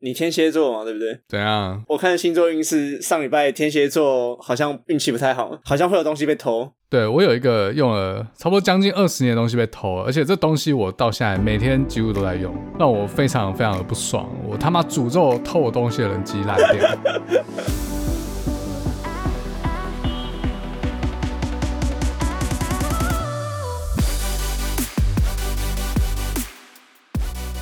你天蠍座嘛，對不對？怎樣？我看星座運勢，上禮拜天蠍座好像運氣不太好，好像會有東西被偷。對，我有一個用了差不多將近二十年的東西被偷了，而且這東西我到現在每天幾乎都在用，讓我非常非常的不爽。我他媽詛咒偷我東西的人雞爛掉！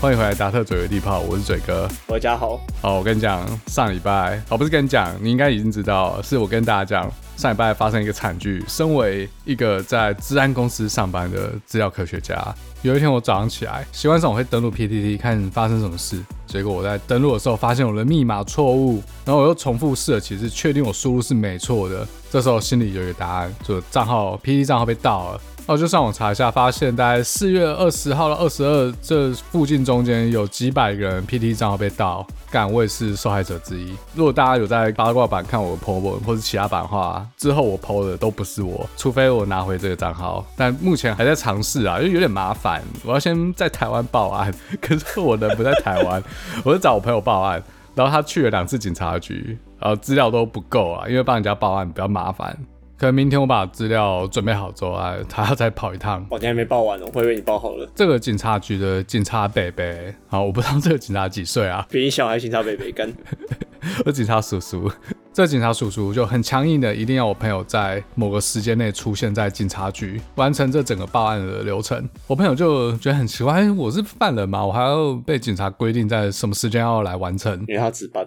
歡迎回來，達特嘴的地圖砲，我是嘴哥。大家好，好，我跟你講，上禮拜，好、哦，不是跟你講，你應該已經知道，是我跟大家講，上禮拜發生一個慘劇。身為一個在資安公司上班的資料科學家，有一天我早上起來，習慣上我會登錄 PTT 看發生什麼事。結果我在登錄的時候發現我的密碼錯誤，然後我又重複試了幾次，確定我輸入是沒錯的。這時候心裡有一個答案，就是賬號 PTT 賬號被盜了。後、哦、就上網查一下，發現大概四月二十號到二十二這附近中間有幾百個人 PTT 賬號被盜，幹，我也是受害者之一。如果大家有在八卦版看我的 PO 文或者其他版的話，之後我 PO 的都不是我，除非我拿回這個賬號。但目前還在嘗試啊，因為有點麻煩，我要先在台灣報案，可是我人不在台灣， 我就找我朋友報案，然後他去了兩次警察局，然後資料都不夠啊，因為幫人家報案比較麻煩。可能明天我把資料準備好之後，他要再跑一趟。我今天還沒報完。哦，我以為你報好了。這個警察局的警察伯伯，好，啊，我不知道這個警察幾歲啊？比你小孩警察伯伯更， 我警察叔叔。這警察叔叔就很強硬的，一定要我朋友在某個時間內出現在警察局，完成這整個報案的流程。我朋友就覺得很奇怪，我是犯人嘛，我還要被警察規定在什麼時間要來完成？因為他值班，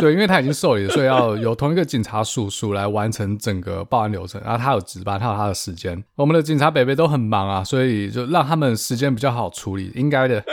對，因為他已經受理了，所以要由同一個警察叔叔來完成整個報案流程。然後他有值班，他有他的時間。我們的警察北北都很忙啊，所以就讓他們時間比較好處理，應該的。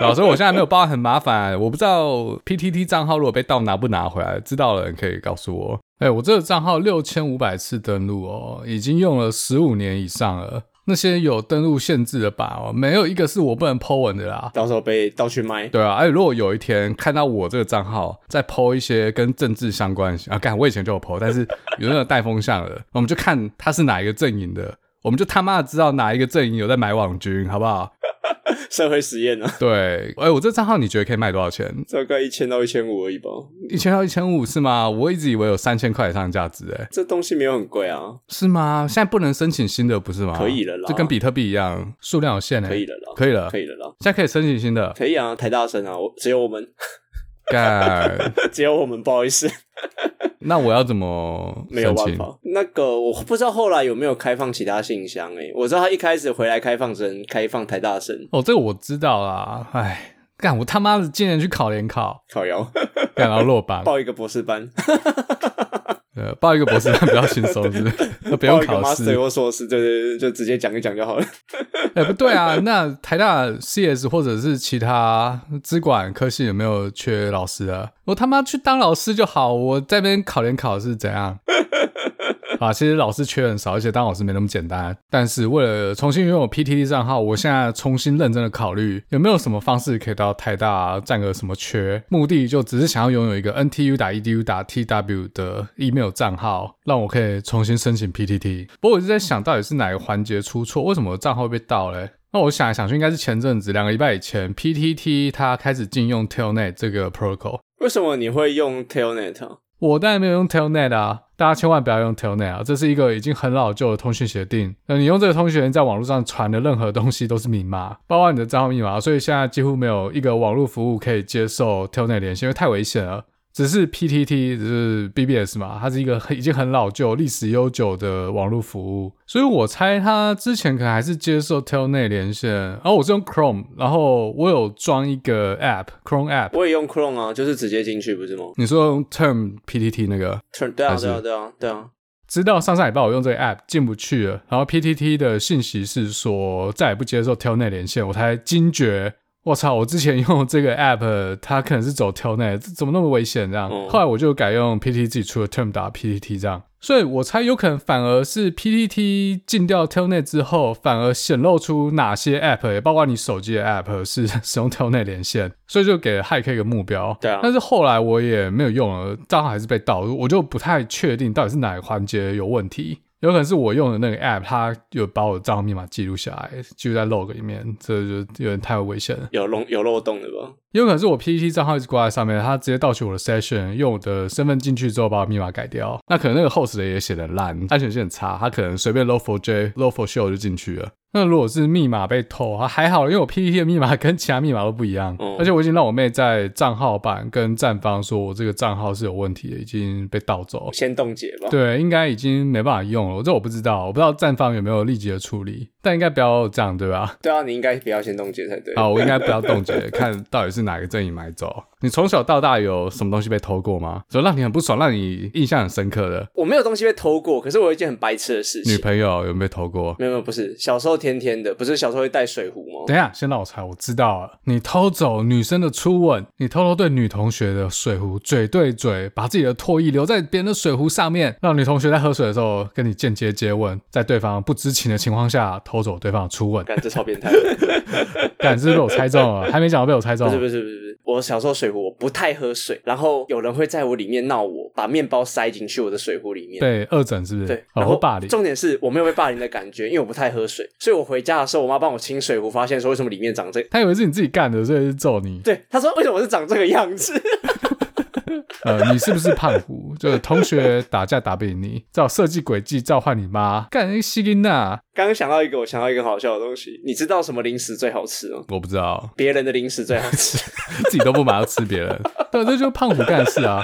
老師，我現在沒有包，很麻煩、欸。我不知道 PTT 賬號如果被盜拿不拿回來，知道的人可以告訴我。哎，我這個賬號六千五百次登錄哦，已經用了十五年以上了。那些有登錄限制的版哦、喔，沒有一個是我不能 po 文的啦。到時候被盜去賣。對啊、欸，而如果有一天看到我這個賬號在 po 一些跟政治相關，啊，幹我以前就有 po，但是有那種帶風向的，我們就看他是哪一個陣營的，我們就他媽的知道哪一個陣營有在買網軍，好不好？ 社會實驗呢？對，哎、欸，我這賬號你覺得可以賣多少錢？大概一千到一千五而已吧。一千到一千五是嗎？我一直以為有三千塊以上的價值哎、欸。這東西沒有很貴啊，是嗎？現在不能申請新的不是嗎？可以了啦，就跟比特幣一樣，數量有限、欸、可以了啦，可以了，可以了啦。現在可以申請新的，可以啊！太大聲啊，我只有我們。 只有我們不好意思， 那我要怎麼？沒有辦法。那個我不知道後來有沒有開放其他信箱誒、欸，我知道他一開始回來開放聲，開放台大生。哦，這個我知道啦。哎，幹我他媽的竟然去考聯考，考研。幹， 然後落榜，報一個博士班。哈哈哈。呃，報一個博士班比較輕鬆，是不是？不用考試，或碩士。對對對，就直接講一講就好了。哎 欸，不對啊，那台大 CS 或者是其他資管科系有沒有缺老師啊？我他媽去當老師就好，我在那邊考聯考是怎樣？啊，其實老師缺很少，而且當老師沒那麼簡單。但是為了重新擁有 PTT 賬號，我現在重新認真的考慮有沒有什麼方式可以到台大佔、啊、個什麼缺，目的就只是想要擁有一個 ntu 打 edu 打 tw 的 email 賬號，讓我可以重新申請 PTT。不過我就在想，到底是哪個環節出錯，為什麼賬號會被盜嘞？那我想來想去，應該是前陣子兩個禮拜以前，PTT 它開始禁用 Telnet 這個 protocol。為什麼你會用 Telnet？、哦我當然沒有用 Telnet 啊，大家千萬不要用 Telnet 啊，這是一個已經很老舊的通訊協定。那你用這個通訊在網絡上傳的任何東西都是密碼，包括你的賬號密碼，所以現在幾乎沒有一個網絡服務可以接受 Telnet 連線，因為太危險了。只是 PTT 只是 BBS 嘛，它是一個很已經很老舊、歷史悠久的網絡服務，所以我猜它之前可能還是接受 Telnet 連線。然、哦、後我是用 Chrome，然後我有裝一個 App，Chrome App。我也用 Chrome 啊，就是直接進去不是嗎？你說用 Term PTT 那個 Term？對啊對啊對啊對啊！知道、啊啊啊、上上禮拜我用這個 App 進不去了，然後 PTT 的信息是說再也不接受 Telnet 連線，我才驚覺。我操！我之前用這個 app，它可能是走 telnet，怎麼那麼危險這樣、嗯？後來我就改用 PTT 自己出的 term 打的 PTT 這樣，所以我猜有可能反而是 PTT 禁掉 telnet 之後，反而顯露出哪些 app，也包括你手機的 app 是使用 telnet 連線，所以就給了 Hack 一個目標。對、嗯、啊。但是後來我也沒有用了，賬號還是被盜，我就不太確定到底是哪個環節有問題。有可能是我用的那個 App，它有把我的賬號密碼記錄下來，記錄在 log 裡面，這就有點太危險了。有漏有漏洞的吧？有可能是我 PTT 賬號一直掛在上面，他直接盜取我的 session，用我的身份進去之後把我密碼改掉。那可能那個 host 的也寫的爛，安全性很差，他可能隨便 log4j log4shell 就進去了。那如果是密碼被偷啊，還好，因為我 PTT 的密碼跟其他密碼都不一樣。嗯，而且我已經讓我妹在賬號版跟站方說我這個賬號是有問題的，已經被盜走，先凍結吧。對，應該已經沒辦法用了。這我不知道，我不知道站方有沒有立即的處理，但應該不要這樣對吧？對啊，你應該不要先凍結才對。好，我應該不要凍結， 看到底是哪個陣營買走。你從小到大有什麼東西被偷過嗎？就讓你很不爽、讓你印象很深刻的。我沒有東西被偷過，可是我有一件很白痴的事情。女朋友有沒有偷過？沒有，沒有，不是。小時候天天的，不是小時候會帶水壺嗎？等一下，先讓我猜，我知道了。你偷走女生的初吻，你偷偷對女同學的水壺嘴對嘴，把自己的唾液留在別人的水壺上面，讓女同學在喝水的時候跟你間接接吻，在對方不知情的情況下偷走對方的初吻。幹，這超變態！幹， 這是被我猜中了，還沒講到被我猜中了。不是,不是不是不是，我小時候水。我不太喝水，然後有人會在我裡面鬧我，把麵包塞進去我的水壺裡面，對，惡整是不是？對，哦、然後霸凌，重點是我沒有被霸凌的感覺，因為我不太喝水，所以我回家的時候，我媽幫我清水壺，發現說，為什麼裡面長這，她以為是你自己幹的，所以是揍你，對，她說，為什麼是長這個樣子。 呃，你是不是胖虎？ 就是同學打架打不贏你，照設計軌跡召喚你媽。幹西琳娜，剛剛、啊、想到一個，我想到一個好笑的東西。你知道什麼零食最好吃嗎？我不知道。別人的零食最好吃， 自己都不買，要吃別人。對， 這就是胖虎幹事啊。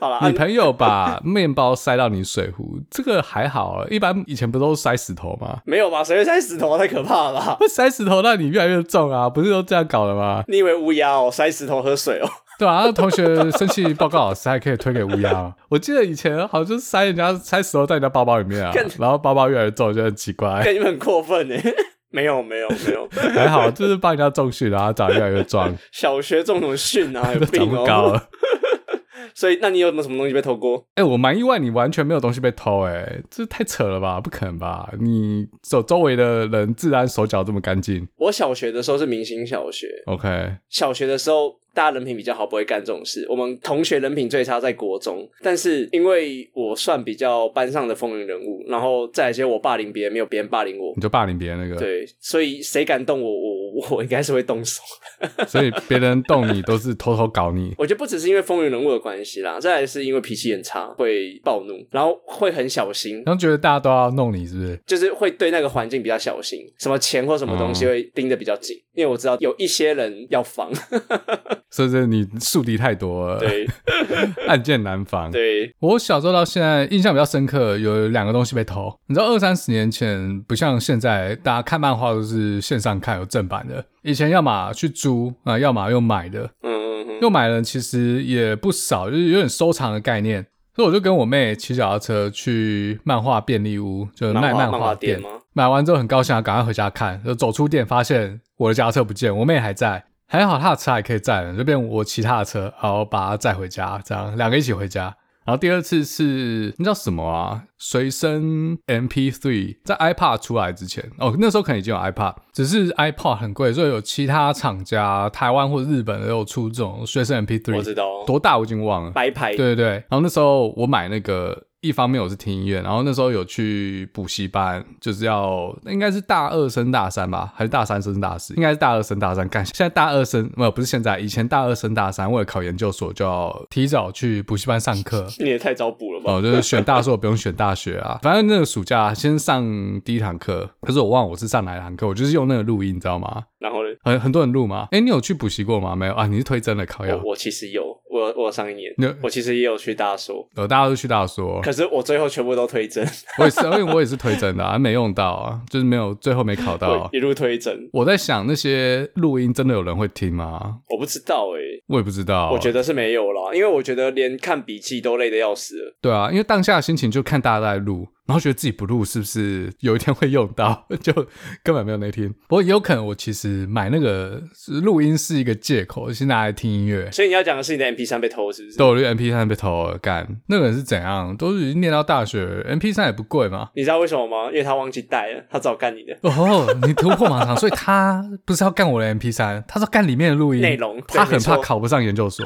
好啦，你朋友把麵包塞到你水壺， 這個還好，欸。一般以前不都是塞石頭嗎？沒有吧？誰會塞石頭啊？太可怕了吧？塞石頭讓你越來越重啊！不是都這樣搞的嗎？你以為烏鴉、喔、塞石頭喝水哦，喔？ 對啊，同學生氣報告老師，還可以推給烏鴉。我記得以前好像就是塞人家塞石頭在人家包包裡面啊，然後包包越來越重，就很奇怪。跟你們很過分哎，沒有沒有沒有，還好就是幫人家重訓，然後長得越來越壯 小學重什麼訓啊？有病哦。 都長不高了。所以，那你有沒有什麼東西被偷過？哎、欸，我蠻意外，你完全沒有東西被偷、欸，哎，這太扯了吧？不可能吧？你手周圍的人自然手腳這麼乾淨？我小學的時候是明星小學，OK。小學的時候大家人品比較好，不會幹這種事。我們同學人品最差在國中，但是因為我算比較班上的風雲人物，然後再來一些我霸凌別人，沒有別人霸凌我，你就霸凌別人那個。對，所以誰敢動我？我應該是會動手，所以別人動你 都是偷偷搞你。我覺得不只是因為風雲人物的關係啦，再來是因為脾氣很差，會暴怒，然後會很小心，然後覺得大家都要弄你，是不是？就是會對那個環境比較小心，什麼錢或什麼東西會盯得比較緊。嗯因為我知道有一些人要防 ，所以是你樹敵太多了？對，暗箭難防。對，我小時候到現在印象比較深刻，有兩個東西被偷。你知道，二三十年前不像現在，大家看漫畫都是線上看有正版的。以前要麼去租啊，要麼又買的。嗯嗯，又買的人其實也不少，就是有點收藏的概念。所以我就跟我妹騎腳踏車去漫畫便利屋，就是賣漫畫店嘛。買完之後很高興啊，趕快回家看。就走出店發現。我的家車不見，我妹還在，還好她的車還可以載，就這邊我騎她的車，然後把她載回家，這樣兩個一起回家。然後第二次是你知道什麼啊？隨身 MP3 在 iPod 出來之前，哦，那時候可能已經有 iPod，只是 iPod 很貴，所以有其他廠家台灣或日本又出這種隨身 MP3。我知道。多大我已經忘了。白牌。對對，對。然後那時候我買那個。一方面我是聽音樂，然後那時候有去補習班，就是要應該是大二升大三吧，還是大三升大四？應該是大二升大三。幹現在大二升，沒有，不是現在，以前大二升大三，為了考研究所就要提早去補習班上課。你也太早補了吧？哦，就是選大碩不用選大學啊， 反正那個暑假先上第一堂課，可是我忘了我是上哪一堂課，我就是用那個錄音，你知道嗎？然後很、欸、很多人錄嗎？哎、欸，你有去補習過嗎？沒有啊，你是推甄的考呀、哦？我其實有。我我上一年，我其實也有去大說，呃，大家都去大說，可是我最後全部都推甄， 我也是，因為 I mean, 我也是推甄的，啊，還沒用到啊，就是沒有最後沒考到，啊，一路推甄。我在想那些錄音真的有人會聽嗎？我不知道哎，欸，我也不知道，我覺得是沒有啦，因為我覺得連看筆記都累得要死了。對啊，因為當下的心情就看大家在錄。然後覺得自己不錄是不是有一天會用到，就根本沒有那天。不過也有可能我其實買那個錄音是一個借口，現在還聽音樂。所以你要講的是你的 MP 三被偷是不是？都有 MP 三被偷了，幹那個人是怎樣？都是已經念到大學，MP 三也不貴嘛。你知道為什麼嗎？因為他忘記帶了，他早幹你的。哦，你突破盲腸， 所以他不是要幹我的 MP 三？他說幹裡面的錄音內容，他很怕考不上研究所。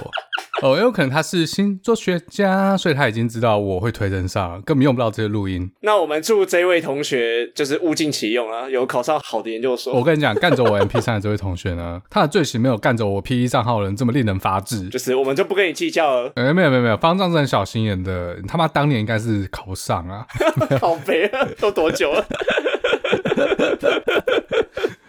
哦，也、欸、有可能他是新做學家，所以他已經知道我會推薦上了，根本用不到這些錄音。那我們祝這位同學就是物盡其用啊，有考上好的研究所。我跟你講，幹走我 M P 三的這位同學呢， 他的罪行沒有幹走我 P E 賬號的人這麼令人髮指。就是我們就不跟你計較了。欸、沒有沒有沒有，方丈是很小心眼的，他媽當年應該是考不上啊，考 啊，都多久了。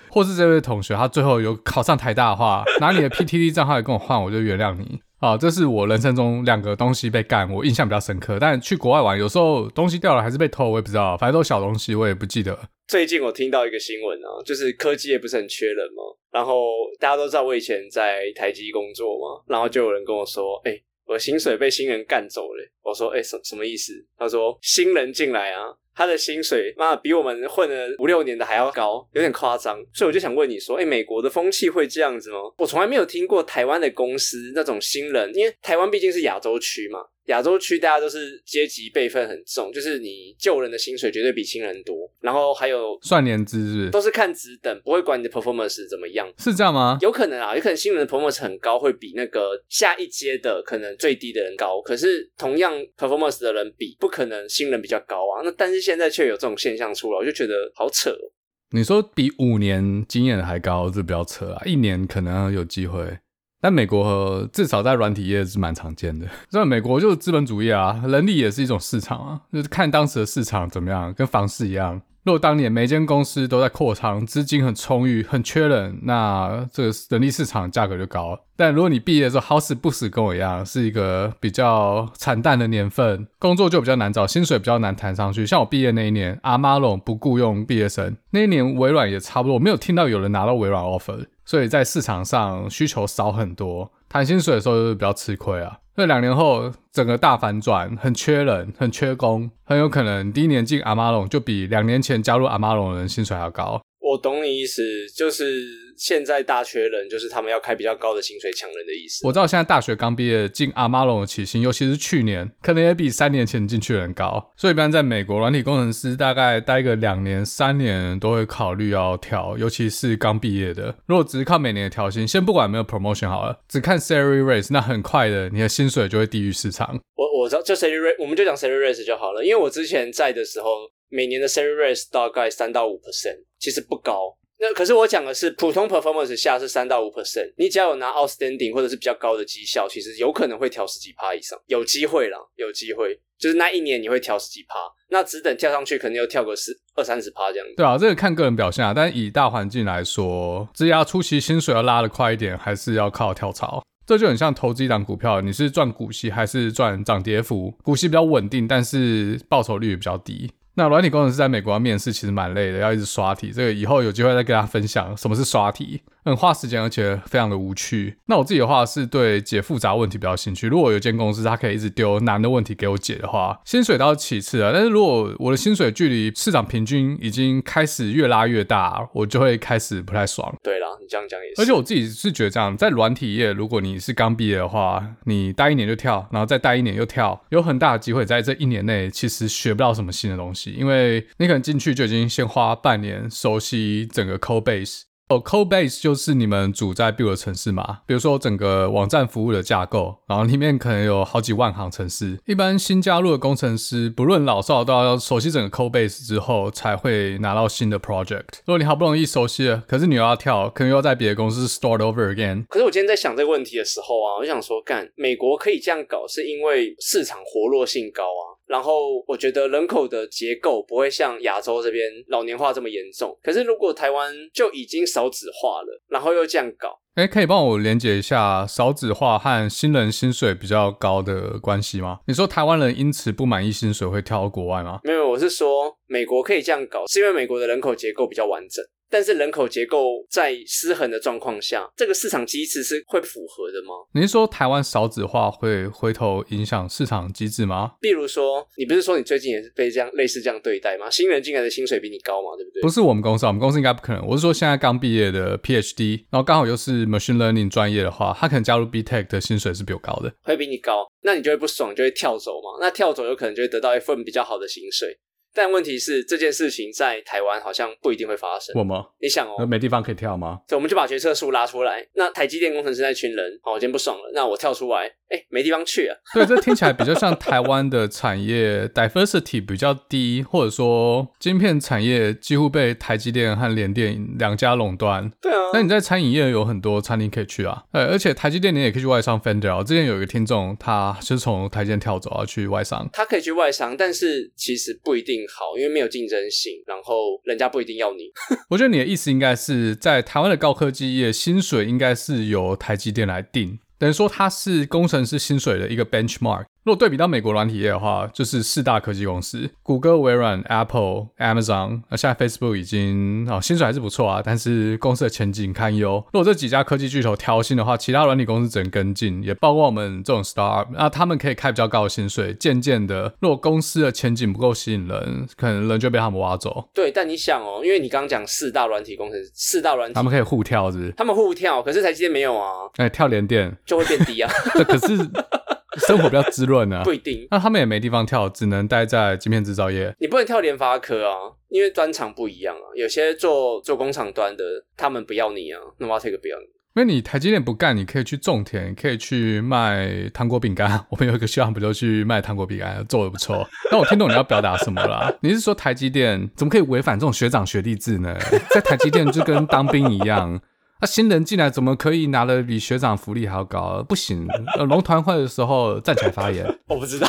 或是這位同學，他最後有考上台大的話，拿你的 P T v 賬號來跟我換，我就原諒你。啊，這是我人生中兩個東西被幹，我印象比較深刻。但去國外玩，有時候東西掉了還是被偷，我也不知道，反正都是小東西，我也不記得。最近我聽到一個新聞啊，就是科技業不是很缺人嘛？然後大家都知道我以前在台積工作嘛，然後就有人跟我說，哎、欸。我的薪水被新人幹走了，我說，欸，什什麼意思？他說，新人進來啊，他的薪水，媽比我們混了五六年的還要高，有點誇張。所以我就想問你說，欸，美國的風氣會這樣子嗎？我從來沒有聽過台灣的公司那種新人，因為台灣畢竟是亞洲區嘛。亞洲區大家都是階級輩分很重，就是你舊人的薪水絕對比新人多，然後還有算年資，都是看職等，不會管你的 performance 怎麼樣，是這樣嗎？有可能啊，有可能新人的 performance 很高，會比那個下一階的可能最低的人高，可是同樣 performance 的人比不可能新人比較高啊。那但是現在卻有這種現象出來，我就覺得好扯。你說比五年經驗還高這比較扯啊，一年可能、啊、有機會。但美國至少在軟體業是蠻常見的。所以美國就是資本主義啊，人力也是一種市場啊，就是看當時的市場怎麼樣，跟房市一樣。如果當年每間公司都在擴張，資金很充裕，很缺人，那這個人力市場價格就高。但如果你畢業的時候好死不死跟我一樣，是一個比較慘淡的年份，工作就比較難找，薪水比較難談上去。像我畢業那一年，Amazon 不僱用畢業生，那一年微軟也差不多，我沒有聽到有人拿到微軟 offer。所以在市場上需求少很多，談薪水的時候就是比較吃虧啊。那兩年後整個大反轉，很缺人，很缺工，很有可能第一年進 Amazon 就比兩年前加入 Amazon 的人薪水還要高。我懂你意思，就是。現在大缺人，就是他們要開比較高的薪水搶人的意思，啊。我知道現在大學剛畢業進 Amazon 的起薪，尤其是去年，可能也比三年前進去的人高。所以一般在美國，軟體工程師大概待個兩年、三年都會考慮要調，尤其是剛畢業的。如果只是靠每年的調薪，先不管有沒有 promotion 好了，只看 salary raise，那很快的，你的薪水就會低於市場。我我知道，就 salary raise，我們就講 salary raise 就好了。因為我之前在的時候，每年的 salary raise 大概三到五 percent，其實不高。可是我講的是普通 performance 下是三到五 percent，你只要有拿 outstanding 或者是比較高的績效，其實有可能會調十幾趴以上，有機會了，有機會，就是那一年你會調十幾趴，那只等跳上去，肯定又跳個十二三十趴這樣子。對啊，這個看個人表現啊，但以大環境來說，職涯初期薪水要拉得快一點，還是要靠跳槽，這就很像投資一檔股票，你是賺股息還是賺漲跌幅？股息比較穩定，但是報酬率也比較低。那軟體工程師在美國要面試其實蠻累的，要一直刷題。這個以後有機會再跟大家分享什麼是刷題，很、嗯、花時間，而且非常的無趣。那我自己的話是對解複雜問題比較興趣。如果有間公司，它可以一直丟難的問題給我解的話，薪水倒是其次啊。但是如果我的薪水距離市場平均已經開始越拉越大，我就會開始不太爽。對啦，你這樣講也是。而且我自己是覺得這樣，在軟體業，如果你是剛畢業的話，你待一年就跳，然後再待一年又跳，有很大的機會在這一年內其實學不到什麼新的東西。因為你可能進去就已經先花半年熟悉整個 code base，哦，code base 就是你們組在 build 的程式嘛，比如說整個網站服務的架構，然後裡面可能有好幾萬行程式。一般新加入的工程師，不論老少，都要熟悉整個 code base 之後才會拿到新的 project。如果你好不容易熟悉了，可是你又要跳，可能又要在別的公司 start over again。可是我今天在想這個問題的時候啊，我就想說，幹，美國可以這樣搞，是因為市場活絡性高啊。然後我覺得人口的結構不會像亞洲這邊老年化這麼嚴重。可是如果台灣就已經少子化了，然後又這樣搞，欸，可以幫我連接一下少子化和新人薪水比較高的關係嗎？你說台灣人因此不滿意薪水會跳到國外嗎？沒有，我是說美國可以這樣搞，是因為美國的人口結構比較完整。但是人口結構在失衡的狀況下，這個市場機制是會符合的嗎？您說台灣少子化會回頭影響市場機制嗎？比如說，你不是說你最近也是被這樣類似這樣對待嗎？新人進來的薪水比你高嘛，對不對？不是我們公司，我們公司應該不可能。我是說，現在剛畢業的 PhD，然後剛好又是 Machine Learning 專業的話，他可能加入 B Tech 的薪水是比較高的，會比你高，那你就會不爽，就會跳走嘛。那跳走有可能就會得到一份比較好的薪水。但問題是，這件事情在台灣好像不一定會發生。我嗎？你想哦，那沒地方可以跳嗎？對，我們就把決策樹拉出來。那台積電工程師那群人，好、哦，我今天不爽了，那我跳出來。哎、欸，沒地方去啊。對，這聽起來比較像台灣的產業 diversity 比較低，或者說，晶片產業幾乎被台積電和聯電兩家壟斷。對啊。那你在餐飲業有很多餐廳可以去啊。呃，而且台積電你也可以去外商 Fender。之前有一個聽眾，他是從台積電跳走要、啊、去外商。他可以去外商，但是其實不一定。好，因為沒有競爭性，然後人家不一定要你。 我覺得你的意思應該是在台灣的高科技業，薪水，應該是由台積電來定，等於說它是工程師薪水的一個 benchmark。如果對比到美國軟體業的話，就是四大科技公司：谷歌、微軟、Apple、Amazon、啊。那現在 Facebook 已經啊，薪水還是不錯啊，但是公司的前景堪憂。如果這幾家科技巨頭挑薪的話，其他軟體公司只能跟進，也包括我們這種 Start-up，那、啊、他們可以開比較高的薪水。漸漸的，如果公司的前景不夠吸引人，可能人就被他們挖走。對，但你想哦、喔，因為你剛剛講四大軟體公司，四大軟體，他們可以互跳，是不是？他們互跳，可是台積電沒有啊。哎、欸，跳聯電就會變低啊。 可是。 生活比較滋潤啊，不一定。那他們也沒地方跳，只能待在晶片製造業。你不能跳聯發科啊，因為端廠不一樣啊。有些做做工廠端的，他們不要你啊，那我 take 不要你。因為你台積電不幹，你可以去種田，可以去賣糖果餅乾。 我們有一個學長不就去賣糖果餅乾，做的不錯。但 我聽懂你要表達什麼啦。你是說台積電怎麼可以違反這種學長學弟制呢？ 在台積電就跟當兵一樣。那、啊、新人進來怎麼可以拿的比學長福利還要高、啊？不行，呃、龍團會的時候站起來發言。 我不知道，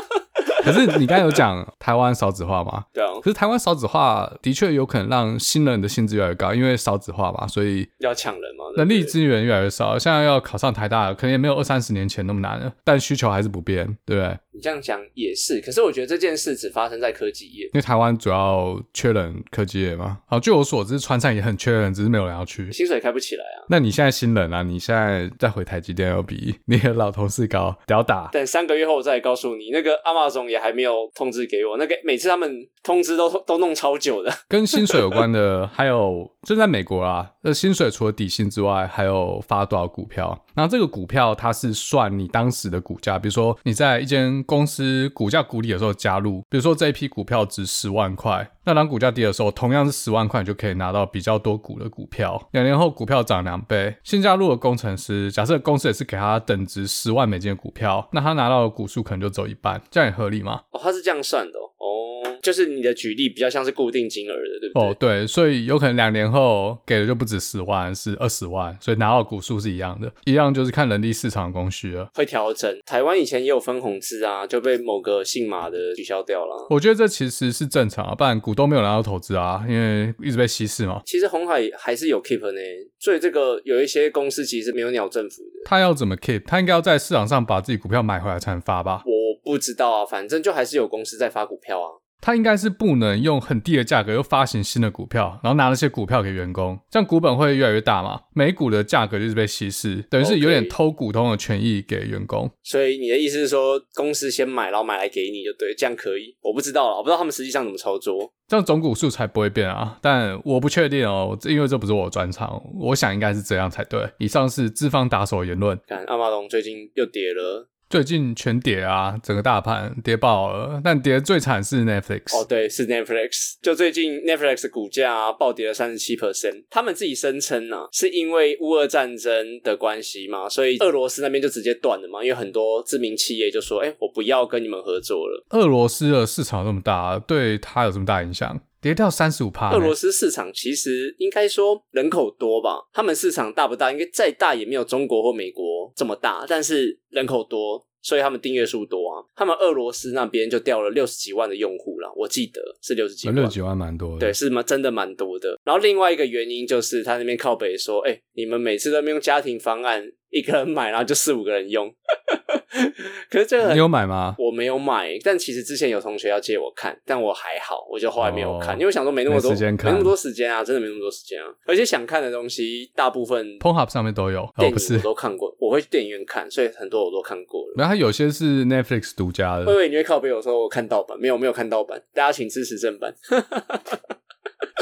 可是你剛有講台灣少子化嘛？對啊、哦，可是台灣少子化的確有可能讓新人的薪資越來越高，因為少子化嘛，所以要搶人嘛，人力資源越來越少。現在要考上台大，可能也沒有二三十年前那麼難了，但需求還是不變，對不對？這樣講也是，可是我覺得這件事只發生在科技業，因為台灣主要缺人科技業嘛。好，據我所知，傳產也很缺人，只是沒有人要去，薪水開不起來啊。那你現在新人啊，你現在再回台積電要比你的老同事高屌打。等三個月後我再告訴你，那個 Amazon 也還沒有通知給我。那個每次他們。通知都都弄超久的，跟薪水有關的， 還有就在美國啦，那薪水除了底薪之外，還有發多少股票。那這個股票它是算你當時的股價，比如說你在一間公司股價谷底的時候加入，比如說這一批股票值十萬塊，那當股價跌的時候，同樣是十萬塊，你就可以拿到比較多股的股票。兩年後股票漲兩倍，新加入的工程師，假設公司也是給他等值十萬美金的股票，那他拿到的股數可能就只有一半，這樣也合理嗎？哦，他是這樣算的哦。Oh... 就是你的舉例比較像是固定金額的，對不對？哦，對，所以有可能兩年後給的就不止十萬，是二十萬，所以拿到股數是一樣的，一樣就是看人力市場的供需啊，會調整。台灣以前也有分紅制啊，就被某個姓馬的取消掉了。我覺得這其實是正常啊，不然股東沒有拿到投資啊，因為一直被稀釋嘛。其實鴻海還是有 keep 的呢，所以這個有一些公司其實沒有鳥政府的。他要怎麼 keep？他應該要在市場上把自己股票買回來才能發吧？我不知道啊，反正就還是有公司在發股票啊。他應該是不能用很低的價格又發行新的股票，然後拿了些股票給員工，這樣股本會越來越大嘛？每股的價格就是被稀釋，等於是有點偷股東的權益給員工。Okay. 所以你的意思是說，公司先買，然後買來給你就對，這樣可以？我不知道了，我不知道他們實際上怎麼操作，這樣總股數才不會變啊。但我不確定哦，因為這不是我的專長。我想應該是這樣才對。以上是資方打手言論。看亞馬遜最近又跌了。最近全跌啊，整個大盤跌爆了。但跌的最慘是 Netflix。哦，對，是 Netflix。就最近 Netflix 的股價啊，暴跌了三十七 percent。他們自己聲稱啊，是因為烏俄戰爭的關係嘛，所以俄羅斯那邊就直接斷了嘛。因為很多知名企業就說：“哎，我不要跟你們合作了。”俄羅斯的市場那麼大，對他有這麼大影響？趴。跌掉三十五。俄羅斯市場其實應該說，人口多吧，他們市場大不大？應該再大也沒有中國或美國這麼大，但是人口多，所以他們訂閱數多啊。他們俄羅斯那邊就掉了六十幾萬的用戶了，我記得是六十幾萬，六十幾萬蠻多的。對，是嘛，真的蠻多的。然後另外一個原因就是他那邊靠北說，說、欸、哎，你們每次都沒有家庭方案。一個人買，然後就四五個人用。 可是這個你有買嗎？我沒有買，但其實之前有同學要借我看，但我還好，我就後來沒有看，因為我想說沒那麼多沒時間看，沒那麼多時間啊，真的沒那麼多時間啊。而且想看的東西大部分 Pornhub 上面都有，不是都看過。我會去電影院看，所以很多我都看過了。然、哦、後有些是 Netflix 獨家的，會不會你會靠北我說我看盜版？沒有，沒有看盜版，大家請支持正版。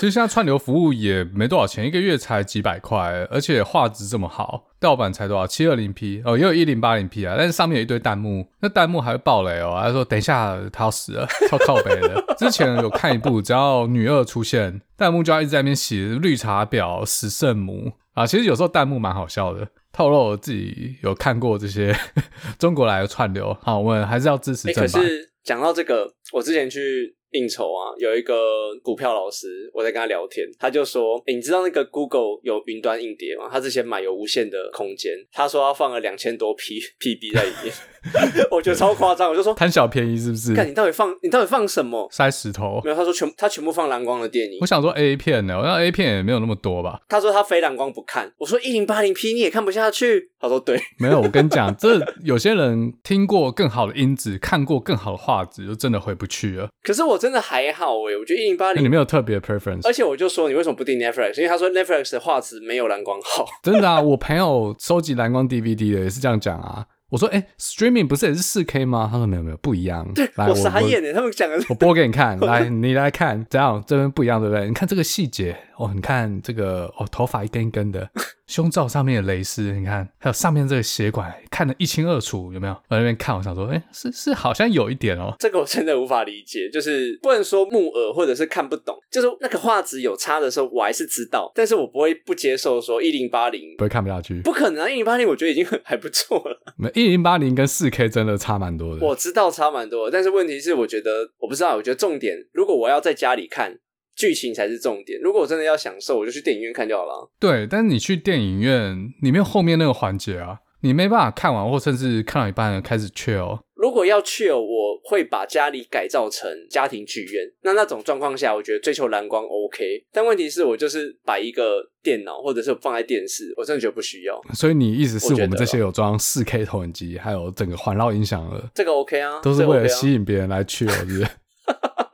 其實現在串流服務也沒多少錢，一個月才幾百塊，而且畫質這麼好，盜版才多少？七二零 P 哦，也有一零八零 P 啊，但是上面有一堆彈幕，那彈幕還會爆雷哦。還說：“等一下，他要死了，超靠北的。” 之前有看一部，只要女二出現，彈幕就要一直在那邊洗綠茶婊、死聖母啊。其實有時候彈幕蠻好笑的，透露我自己有看過這些呵呵中國來的串流。好，我們還是要支持正版。欸，可是講到這個，我之前去。應酬啊，有一個股票老師，我在跟他聊天，他就說：“欸、你知道那個 Google 有雲端硬碟嗎？他之前買有無限的空間，他說他放了兩千多 P P B 在裡面， 我覺得超誇張。”我就說：“貪小便宜是不是？看你到底放你到底放什麼？塞石頭？沒有，他說全他全部放藍光的電影。我想說 A 片呢、欸，我要 A 片也沒有那麼多吧？他說他非藍光不看。我說一零八零 P 你也看不下去？他說對，沒有。我跟你講，這 有些人聽過更好的音質，看過更好的畫質，就真的回不去了。可是我。真的還好誒、欸，我覺得一零八零你沒有特別的 preference，而且我就說你為什麼不訂 Netflix，因為他說 Netflix 的畫質沒有藍光好。真的啊， 我朋友收集藍光 DVD 的也是這樣講啊。我說哎、欸、，streaming 不是也是四 K 嗎？他說沒有沒有，不一樣。對，我傻眼哎，他們講的是。我播給你看，來 你來看這樣，這邊不一樣，對不對？你看這個細節。哦，你看這個哦，頭髮一根一根的，胸罩上面的蕾絲，你看還有上面這個血管，看得一清二楚，有沒有？我在那邊看，我想說，哎、欸，是是，好像有一點哦、喔。這個我真的無法理解，就是不能說木耳或者是看不懂，就是那個畫質有差的時候，我還是知道，但是我不會不接受說一零八零，不會看不下去，不可能啊，一零八零，我覺得已經很還不錯了。一零八零跟四 K 真的差蠻多的。我知道差蠻多的，但是問題是，我覺得我不知道，我覺得重點，如果我要在家裡看。劇情才是重點。如果我真的要享受，我就去電影院看就好了啊。對，但是你去電影院，你沒有後面那個環節啊，你沒辦法看完，或甚至看到一半開始 chill。如果要 chill，我會把家裡改造成家庭劇院。那那種狀況下，我覺得追求藍光 OK。但問題是我就是把一個電腦或者是放在電視，我真的覺得不需要。所以你意思是我們這些有裝四 K 投影機，還有整個環繞音響的，這個 OK 啊，都是為了吸引別人來 chill，OK 啊，對。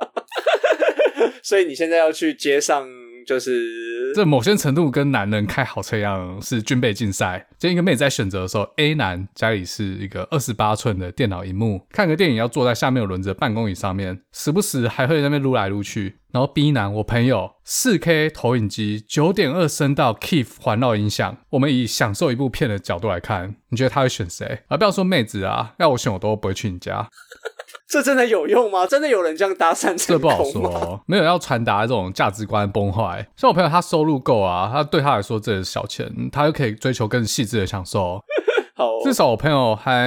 所以你現在要去街上，就是這某些程度跟男人開好車一樣，是軍備競賽。今天一個妹子在選擇的時候，A 男家裡是一個二十八寸的電腦螢幕，看個電影要坐在下面有輪子的辦公椅上面，時不時還會在那邊擼來擼去。然後 B 男，我朋友四 K 投影機，九點二聲道 KEF 環繞音響。我們以享受一部片的角度來看，你覺得他會選誰？啊，不要說妹子啊，要我選我都不會去你家。 這真的有用嗎？真的有人這樣搭訕成功嗎？這不好說。沒有，要傳達這種價值觀崩壞。像我朋友，他收入夠啊，他對他來說這也是小錢，他又可以追求更細緻的享受。 好、哦，至少我朋友還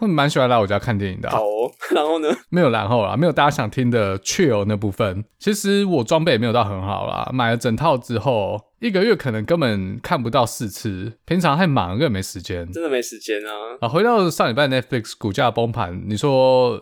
會蠻喜歡來我家看電影的、啊。好、哦，然後呢？沒有然後了，沒有大家想聽的，chill 那部分。其實我裝備也沒有到很好啦，買了整套之後。一個月可能根本看不到四次，平常太忙了，根本沒時間。真的沒時間啊！啊，回到上禮拜 Netflix 股價崩盤，你說、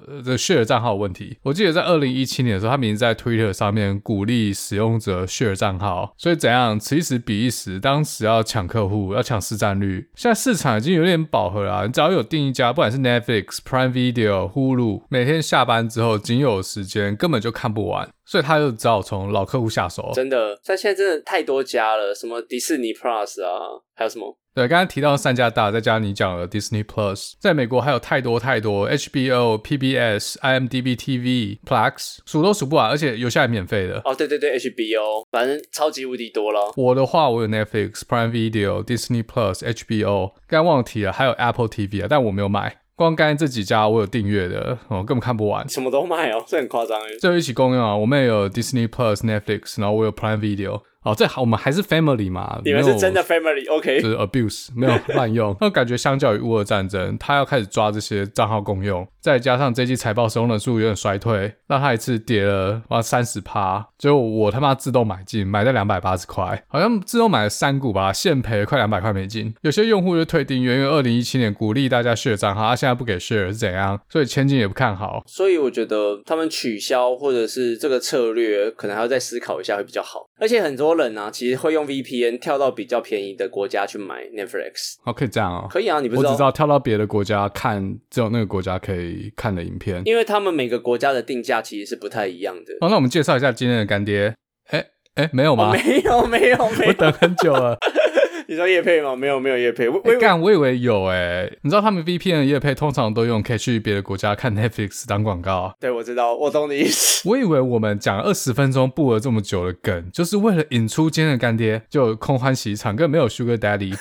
呃這個、share 的 share 賬號問題，我記得在二零一七年的時候，他名字在 Twitter 上面鼓勵使用者 share 賬號，所以怎樣此一時彼一時，當時要搶客戶，要搶市占率，現在市場已經有點飽和了、啊。你只要有訂一家，不管是 Netflix、Prime Video、Hulu，每天下班之後僅有時間，根本就看不完。所以他就只好從老客戶下手。真的，像現在真的太多家了，什麼迪士尼 Plus 啊，還有什麼？對，剛剛提到三家大，再加上你講的 Disney Plus，在美國還有太多太多 HBO、PBS、IMDb TV、Plex，數都數不完，而且有些還免費的。哦，對對對，HBO，反正超級無敵多了。我的話，我有 Netflix、Prime Video、Disney Plus、HBO，剛剛忘了提了，還有 Apple TV 啊，但我沒有買。光剛才這幾家我有訂閱的，我、喔、根本看不完。什麼都賣哦、喔，這很誇張欸。這一起共用啊，我們也有 Disney Plus、Netflix，然後我有 Prime Video。哦，這好，我們還是 family 嘛，你們是真的 family，OK？、Okay 就是 abuse，沒有濫用。那 感覺相較於烏俄戰爭，他要開始抓這些賬號共用，再加上這季財報使用人數有點衰退，讓他一次跌了哇三十趴。結果我他媽自動買進，買在兩百八十塊，好像自動買了三股吧，現賠了快兩百塊美金。有些用戶就退訂，源於二零一七年鼓勵大家 share 賬號，他、啊、現在不給 share 是怎樣？所以前景也不看好。所以我覺得他們取消或者是這個策略，可能還要再思考一下會比較好。而且很多。啊，其實會用 VPN 跳到比較便宜的國家去買 Netflix。哦，可以這樣哦？可以啊，你不知道？我知道跳到別的國家看，只有那個國家可以看的影片，因為他們每個國家的定價其實是不太一樣的。哦，那我們介紹一下今天的乾爹。哎、欸、哎、欸，沒有嗎？沒有沒有沒有，沒有沒有 我等很久了。 你知道業配嗎？沒有沒有業配。我幹我、欸、我以為有誒、欸、你知道他們 VPN 的業配通常都用可以去別的國家看 Netflix 當廣告、啊。對，我知道，我懂你意思。我以為我們講了二十分鐘布了這麼久的梗，就是為了引出今天的乾爹，就空歡喜一場，更沒有 Sugar Daddy。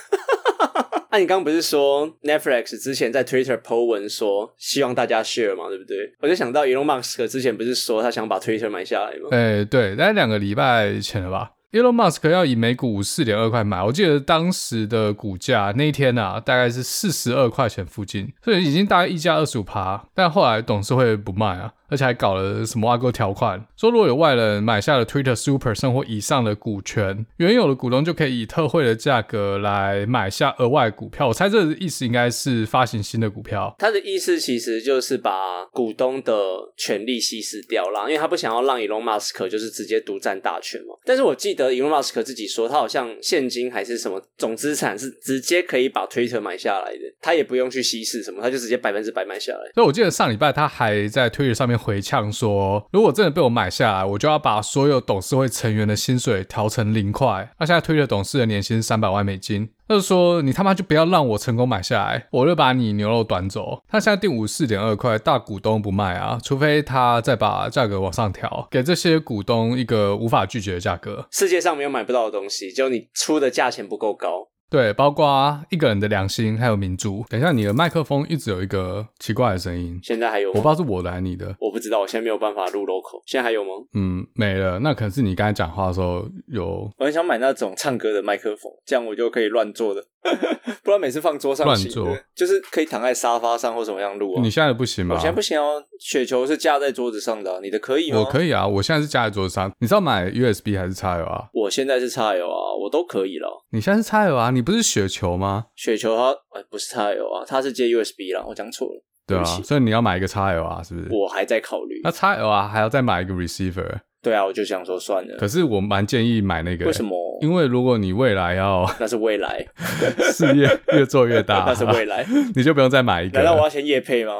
那 啊、你剛不是說 Netflix 之前在 Twitter PO 文說希望大家 share 嘛，對不對？我就想到 Elon Musk 之前不是說他想把 Twitter 買下來嗎？誒、欸、對，大概兩個禮拜前了吧。Elon Musk 要以每股四點二塊買，我記得當時的股價那一天啊，大概是四十二塊錢附近，所以已經大概一加二十五趴。但後來董事會不賣啊，而且還搞了什麼挖溝條款，說如果有外人買下了 Twitter Super 股份以上的股權，原有的股東就可以以特惠的價格來買下額外股票。我猜這個意思應該是發行新的股票。他的意思其實就是把股東的權力稀釋掉了，因為他不想要讓 Elon Musk 就是直接獨佔大權嘛。但是我記。得，Elon Musk 自己說，他好像現金還是什麼總資產是直接可以把 Twitter 買下來的，他也不用去稀釋什麼，他就直接百分之百買下來。所以我記得上禮拜他還在 Twitter 上面回嗆說，如果真的被我買下來，我就要把所有董事會成員的薪水調成零塊。那、啊、現在推特的董事的年薪是三百萬美金。就是說，你他媽就不要讓我成功買下來，我就把你牛肉端走。他現在定五十四點二塊，大股東不賣啊，除非他再把價格往上調，給這些股東一個無法拒絕的價格。世界上沒有買不到的東西，就你出的價錢不夠高。對，包括一個人的良心，還有民主。等一下，你的麥克風一直有一個奇怪的聲音，現在還有嗎？我不知道是我的還是你的，我不知道，我現在沒有辦法錄 local。現在還有嗎？嗯，沒了。那可能是你剛才講話的時候有。我很想買那種唱歌的麥克風，這樣我就可以亂做的。 不然每次放桌上亂坐，嗯，就是可以躺在沙發上或什麼樣錄哦。啊，你現在不行嗎？我現在不行哦，雪球是架在桌子上的。啊，你的可以嗎？我可以啊，我現在是架在桌子上。你知道買 USB 還是 XLR 啊？我現在是 XLR 啊，我都可以了。你現在是 XLR 啊？你不是雪球嗎？雪球啊，欸，不是 XLR 啊，它是接 USB 啦，我講錯了，對啊，對不起，所以你要買一個 XLR 啊？是不是？我還在考慮。那 XLR 啊，還要再買一個 receiver？對啊，我就想說算了。可是我蠻建議買那個，欸，為什麼？因為如果你未來要那是未來 事業越做越大， 那是未來 你就不用再買一個。難道我要先業配嗎？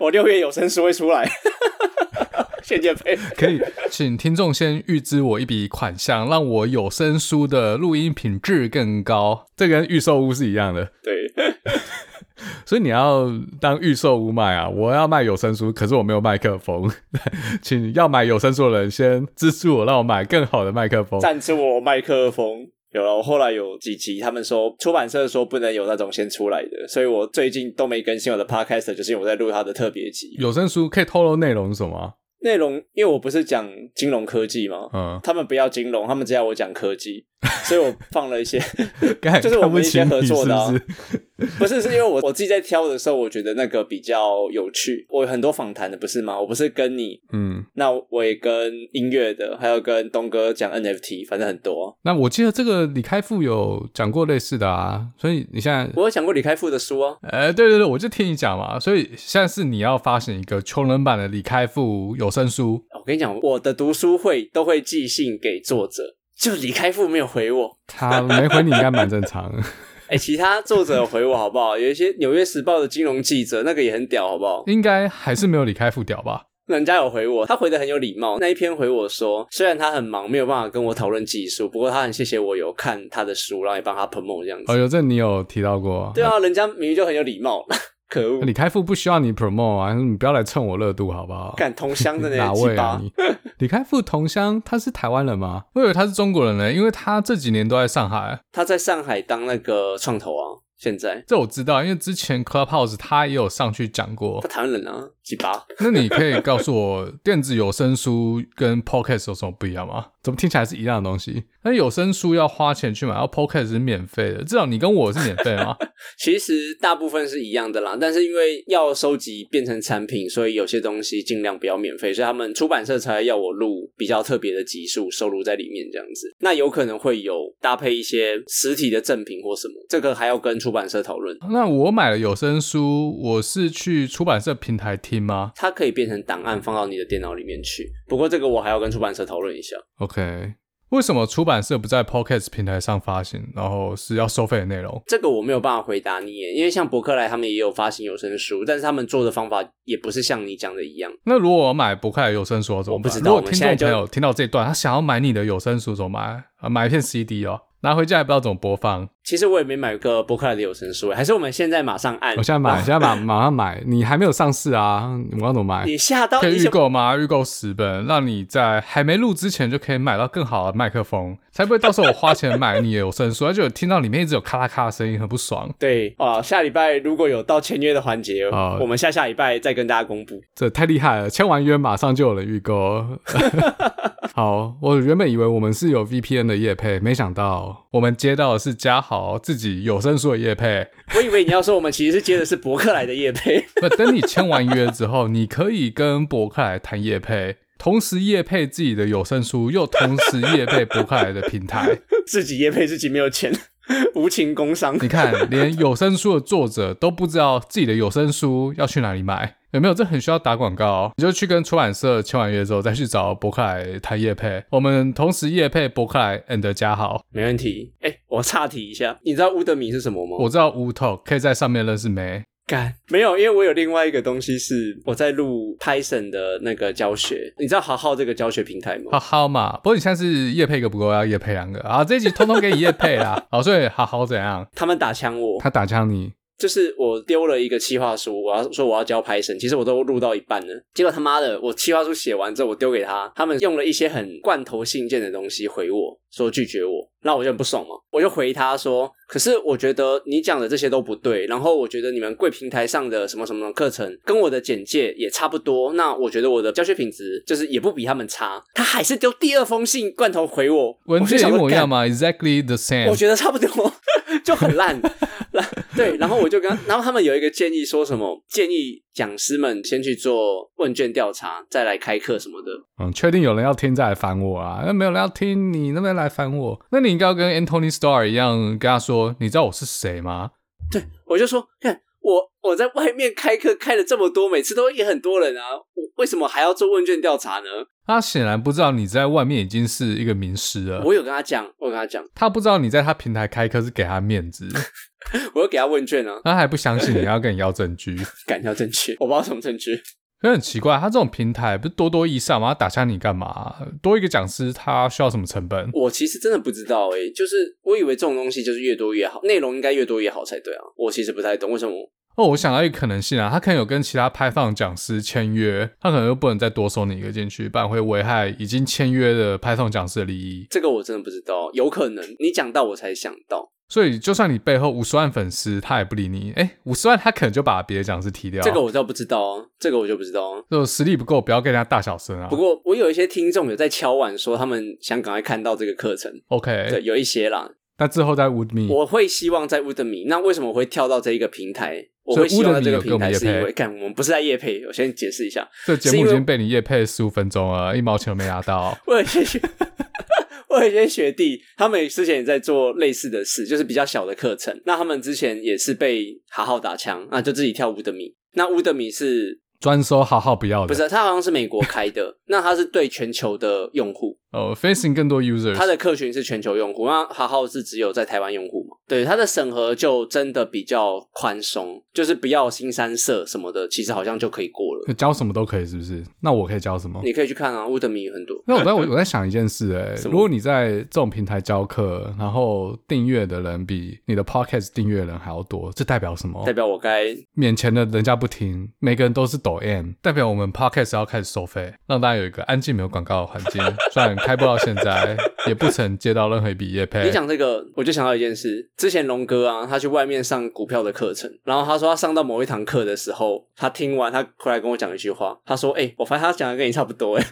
我六月有聲書會出來， 現業配 。可以，請聽眾先預支我一筆款項，讓我有聲書的錄音品質更高。這跟預售屋是一樣的。對。 所以你要當預售無賣啊！我要賣有聲書，可是我沒有麥克風， 請要買有聲書的人先支持我，讓我買更好的麥克風，贊助我麥克風。有了，我後來有幾集，他們說出版社說不能有那種先出來的，所以我最近都沒更新我的 Podcast，就是因為我在錄他的特別集。有聲書可以透露內容是什麼？內容因為我不是講金融科技嘛，嗯，他們不要金融，他們只要我講科技。 所以我放了一些， 就是我們一些合作的、啊，不，不， 不是，是因為我我自己在挑的時候，我覺得那個比較有趣。我有很多訪談的，不是嗎？我不是跟你，嗯，那我也跟音樂的，還有跟東哥講 NFT，反正很多、啊。那我記得這個李開復有講過類似的啊，所以你現在我有講過李開復的書哦。哎，對對對，我就聽你講嘛。所以現在是你要發行一個窮人版的李開復有聲書。我跟你講，我的讀書會都會寄信給作者。就李開復沒有回我，他沒回你應該蠻正常。哎、 欸，其他作者有回我好不好？有一些《紐約時報》的金融記者，那個也很屌好不好？應該還是沒有李開復屌吧？人家有回我，他回得很有禮貌。那一篇回我說，雖然他很忙，沒有辦法跟我討論技術，不過他很謝謝我有看他的書，然後也幫他 promote 這樣子。哦，有這個、你有提到過？對啊，人家明明就很有禮貌。 可惡，李開復不需要你 promote 啊，你不要來蹭我熱度好不好？幹同鄉的那些 哪位啊你？李開復同鄉，他是台灣人嗎？我以為他是中國人呢，因為他這幾年都在上海。他在上海當那個創投啊，現在。這我知道，因為之前 Clubhouse 他也有上去講過。他台灣人啊，幾八？那你可以告訴我 電子有聲書跟 Podcast 有什麼不一樣嗎？怎麼聽起來是一樣的東西？那有聲書要花錢去買，然後 podcast 是免費的。至少你跟我是免費嗎？ 其實大部分是一樣的啦，但是因為要收集變成產品，所以有些東西儘量不要免費，所以他們出版社才要我錄比較特別的集數收錄在裡面這樣子。那有可能會有搭配一些實體的贈品或什麼，這個還要跟出版社討論。那我買了有聲書，我是去出版社平台聽嗎？它可以變成檔案放到你的電腦裡面去，不過這個我還要跟出版社討論一下。Okay. OK，為什麼出版社不在 p o c k e t 平台上發行，然後是要收費的內容？這個我沒有辦法回答你，因為像博客來他們也有發行有聲書，但是他們做的方法也不是像你講的一樣。那如果我買博客來有聲書，怎麼辦？我不知道。如果聽眾朋友聽到這段，他想要買你的有聲書，怎麼買？啊，買一片 CD 哦。拿回家也不知道怎麼播放。其實我也沒買過博客來的有聲書，還是我們現在馬上按。我現在買，啊、現在馬 馬上買。你還沒有上市啊？我要怎麼買？你下到可以預購嗎？預購十本，讓你在還沒錄之前就可以買到更好的麥克風。才不會到時候我花錢買你也有聲書， 就聽到裡面一直有咔啦咔的聲音，很不爽。對啊、哦，下禮拜如果有到簽約的環節、哦，我們下下禮拜再跟大家公布。這太厲害了，簽完約馬上就有了預告。 好，我原本以為我們是有 VPN 的業配，沒想到我們接到的是嘉豪自己有聲書的業配。 我以為你要說我們其實是接的是博客來的業配， 不等你簽完約之後，你可以跟博客來談業配。同時業配自己的有聲書，又同時業配博客來的平台， 自己業配自己沒有錢， 無情工商。你看，連有聲書的作者都不知道自己的有聲書要去哪裡買，有沒有？這很需要打廣告、哦。你就去跟出版社簽完約之後，再去找博客來談業配。我們同時業配博客來 and 嘉豪，沒問題。哎、欸，我岔題一下，你知道 Udemy 是什麼嗎？我知道烏 t 可以在上面認識沒？幹，沒有，因為我有另外一個東西是我在錄 Python 的那個教學，你知道好好這個教學平台嗎？好好嘛，不過你像是業配一個不夠要業配兩個啊，這一集通通給你業配啦。好、 哦，所以好好怎樣？他們打槍我，他打槍你。就是我丟了一個企劃書，我要說我要教 Python，其實我都錄到一半了。結果他媽的，我企劃書寫完之後我丟給他，他們用了一些很罐頭信件的東西回我說拒絕我，那我就很不爽嘛，我就回他說，可是我覺得你講的這些都不對，然後我覺得你們貴平台上的什麼什麼課程跟我的簡介也差不多，那我覺得我的教學品質就是也不比他們差，他還是丟第二封信罐頭回我，文字也一模一樣嘛，exactly the same，我覺得差不多， 就很爛。 對，然後我就跟他，然後他們有一個建議，說什麼建議講師們先去做問卷調查，再來開課什麼的。嗯，確定有人要聽再來煩我啊？那沒有人要聽你那邊來煩我，那你應該要跟 Antony Starr 一樣跟他說，你知道我是誰嗎？對，我就說，看，我，我在外面開課開了這麼多，每次都也很多人啊，我為什麼還要做問卷調查呢？他顯然不知道你在外面已經是一個名師了。我有跟他講，我有跟他講，他不知道你在他平台開課是給他面子， 我有給他問卷啊，他還不相信，你要跟你要證據， 敢要證據？我不知道什麼證據。很奇怪，他這種平台不是多多益善嗎？他打槍你幹嘛？多一個講師，他需要什麼成本？我其實真的不知道誒、欸，就是我以為這種東西就是越多越好，內容應該越多越好才對啊。我其實不太懂為什麼我。哦，我想到一個可能性啊，他可能有跟其他 Python 講師簽約，他可能又不能再多收你一個進去，不然會危害已經簽約的 Python 講師的利益。這個我真的不知道，有可能你講到我才想到。所以就算你背後五十萬粉絲，他也不理你。哎、欸，五十萬他可能就把別的講師踢掉。這個我倒不知道哦，這個我就不知道。這個、我就不知道、這個、實力不夠，不要跟人家大小聲啊。不過我有一些聽眾有在敲碗說，他們想趕快看到這個課程。OK，對，有一些啦。那之後在 Udemy 我會希望在 Udemy，那為什麼我會跳到這一個平台？我會希望在這個平台是因為，看我，我們不是在業配，我先解釋一下。這節目已經被你業配十五分鐘了， 一毛錢都沒拿到。我有些學， 我有些學弟，他們之前也在做類似的事，就是比較小的課程。那他們之前也是被 Hahow 打槍，那、啊、就自己跳 Udemy，那 Udemy 是。專收 Hahow 不要的，不是，他好像是美國開的， 那他是對全球的用戶，呃、oh, facing 更多 users，他的客群是全球用戶，那 Hahow 是只有在台灣用戶嘛？對，他的審核就真的比較寬鬆，就是不要新三色什麼的，其實好像就可以過了。教什麼都可以，是不是？那我可以教什麼？你可以去看啊，Udemy 很多。那我在我我在想一件事哎、欸， 如果你在這種平台教課，然後訂閱的人比你的 podcast 訂閱人還要多，這代表什麼？代表我該免錢的，人家不聽，每個人都是懂。代表我們 Podcast 要開始收費，讓大家有一個安靜沒有廣告的環境。雖然開播到現在，也不曾接到任何一筆業配。你講這個，我就想到一件事。之前龍哥啊，他去外面上股票的課程，然後他說他上到某一堂課的時候，他聽完，他回來跟我講一句話，他說：“哎，欸，我發現他講的跟你差不多，欸。”哎。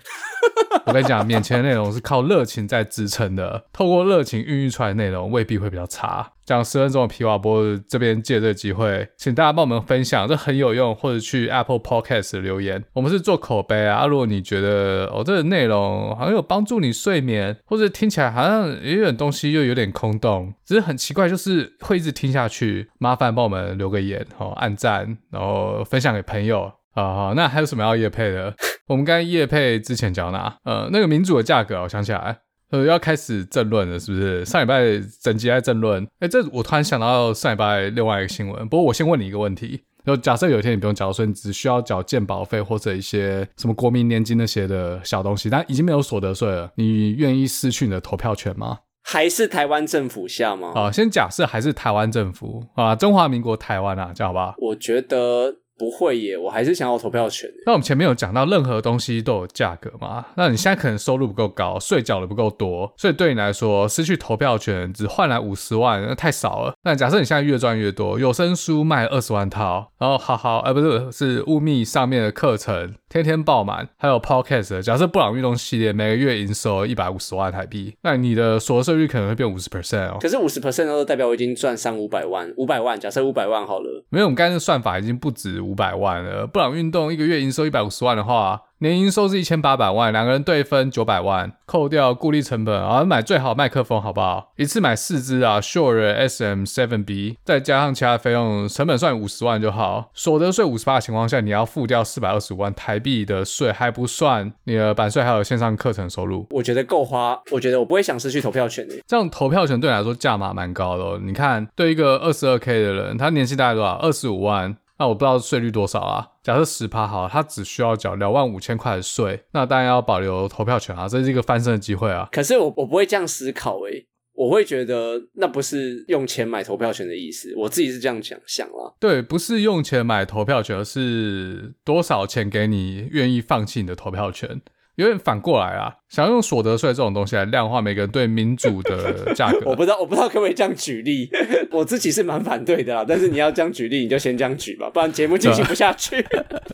我跟你講，免錢的內容是靠熱情在支撐的。透過熱情孕育出來的內容，未必會比較差。講十分鐘的皮划波，這邊借這個機會，請大家幫我們分享，這很有用，或者去 Apple Podcast 留言。我們是做口碑啊。如果你覺得哦，這個內容好像有幫助你睡眠，或者聽起來好像有點東西又有點空洞，只是很奇怪，就是會一直聽下去。麻煩幫我們留個言，然、哦、按讚，然後分享給朋友。啊，好，那還有什麼要業配的？ 我們剛才業配之前繳納，呃，那個民主的價格，我想起來，呃，要開始政論了，是不是？上禮拜整集在政論，哎、欸，這我突然想到上禮拜另外一個新聞。不過我先問你一個問題：就假設有一天你不用繳稅，你只需要繳健保費或者一些什麼國民年金那些的小東西，但已經沒有所得稅了，你願意失去你的投票權嗎？還是台灣政府下嗎？啊，先假設還是台灣政府啊，中華民國台灣啊，這樣好不好？我覺得。不會耶，我還是想要投票權。那我們前面有講到，任何東西都有價格嘛。那你現在可能收入不夠高，稅繳的不夠多，所以對你來說，失去投票權只換來五十萬，那太少了。那假設你現在越賺越多，有聲書賣二十萬套，然後好好，哎、欸，不是，是物密上面的課程天天爆滿，還有 Podcast。假設布朗運動系列每個月營收一百五十萬台幣，那你的所得稅率可能會變五十 percent 哦。可是五十 percent 都代表我已經賺三五百萬，五百萬，假設五百萬好了，沒有，我們剛才的算法已經不止。五百萬了，布朗運動一個月營收一百五十萬的話，啊，年營收是一千八百萬，兩個人對分九百萬，扣掉固定成本，然後買最好麥克風好不好？一次買四支啊，Shure SM7B，再加上其他費用，成本算五十萬就好。所得稅五十八的情況下，你要付掉四百二十五萬台幣的稅，還不算你的版稅還有線上課程收入。我覺得夠花，我覺得我不會想失去投票權。這樣投票權對你來說價碼蠻高的哦，哦你看，對一個二十二 K 的人，他年薪大概多少？二十五萬。那我不知道稅率多少啊？假設十趴好了，他只需要繳兩萬五千塊的稅，那當然要保留投票權啊！這是一個翻身的機會啊！可是我我不會這樣思考誒、欸，我會覺得那不是用錢買投票權的意思。我自己是這樣想想啦。對，不是用錢買投票權，而是多少錢給你願意放棄你的投票權。有點反過來啊，想要用所得稅這種東西來量化每個人對民主的價格， 我不知道，我不知道可不可以這樣舉例。我自己是蠻反對的，但是你要這樣舉例，你就先這樣舉吧，不然節目進行不下去。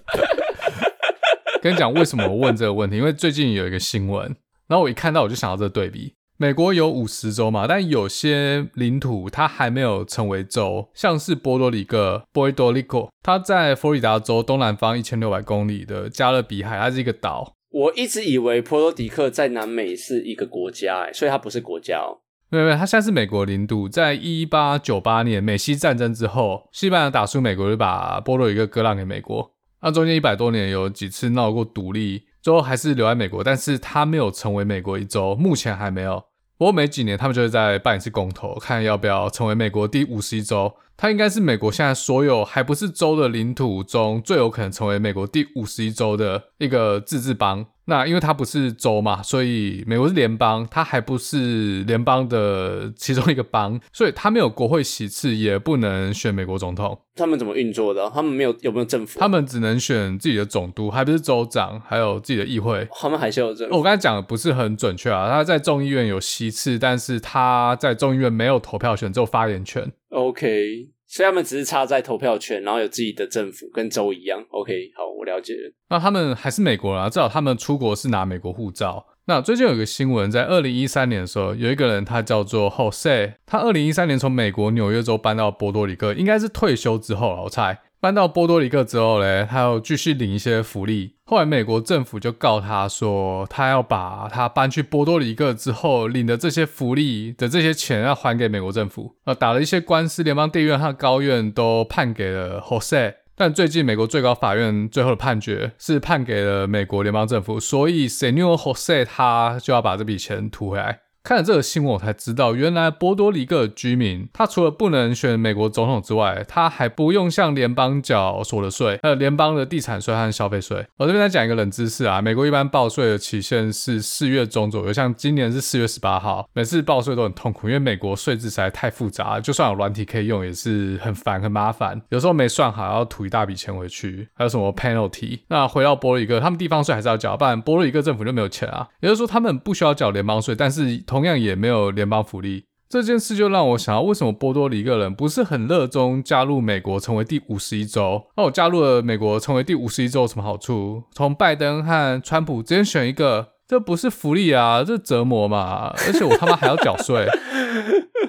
跟你講為什麼我問這個問題，因為最近有一個新聞，然後我一看到我就想到這個對比。美國有五十州嘛，但有些領土它還沒有成為州，像是波多黎各，波多黎各它在佛羅里達州東南方一千六百公里的加勒比海，它是一個島。我一直以為波羅迪克在南美是一個國家、欸，所以它不是國家、喔。沒有，沒有，它現在是美國領土。在一八九八年美西戰爭之後，西班牙打輸美國，就把波多黎各割讓給美國。那、啊、中間一百多年有幾次鬧過獨立，最後還是留在美國。但是它沒有成為美國一州，目前還沒有。不過沒幾年，他們就會再辦一次公投，看要不要成為美國第五十一州。它應該是美國現在所有還不是州的領土中最有可能成為美國第五十一州的一個自治邦。那因為他不是州嘛，所以美國是聯邦，他還不是聯邦的其中一個邦，所以他沒有國會席次，也不能選美國總統。他們怎麼運作的啊？他們沒有有沒有政府？他們只能選自己的總督，還不是州長，還有自己的議會。他們還是有政府……我剛才講的不是很準確啊。他在眾議院有席次，但是他在眾議院沒有投票權，只有發言權。OK。所以他們只是差在投票權，然後有自己的政府跟州一樣。OK，好，我了解了。那他們還是美國人啊，至少他們出國是拿美國護照。那最近有一個新聞，在二零一三年的時候，有一個人他叫做 Jose，他二零一三年從美國紐約州搬到波多黎各，應該是退休之後，然後才。搬到波多黎各之後呢，他又繼續領一些福利。後來美國政府就告他說，他要把他搬去波多黎各之後領的這些福利的這些錢要還給美國政府。啊，打了一些官司，聯邦地院和高院都判給了 Jose。但最近美國最高法院最後的判決是判給了美國聯邦政府，所以 Señor Jose 他就要把這筆錢吐回來。看了這個新聞，我才知道原來波多黎各的居民，他除了不能選美國總統之外，他還不用向聯邦繳所得稅，還有聯邦的地產稅和消費稅。我、哦、這邊再講一個冷知識啊，美國一般報稅的期限是四月中左右，像今年是四月十八號。每次報稅都很痛苦，因為美國稅制實在太複雜，就算有軟體可以用，也是很煩很麻煩。有時候沒算好，要吐一大筆錢回去，還有什麼 penalty。那回到波多黎各，他們地方稅還是要繳，不然波多黎各政府就沒有錢啊，也就是說他們不需要繳聯邦稅，但是同同樣也沒有聯邦福利，這件事就讓我想到，為什麼波多黎各人不是很熱衷加入美國，成為第五十一州？哦、啊，我加入了美國，成為第五十一州有什麼好處？從拜登和川普之間選一個，這不是福利啊，這是折磨嘛！而且我他媽還要繳稅。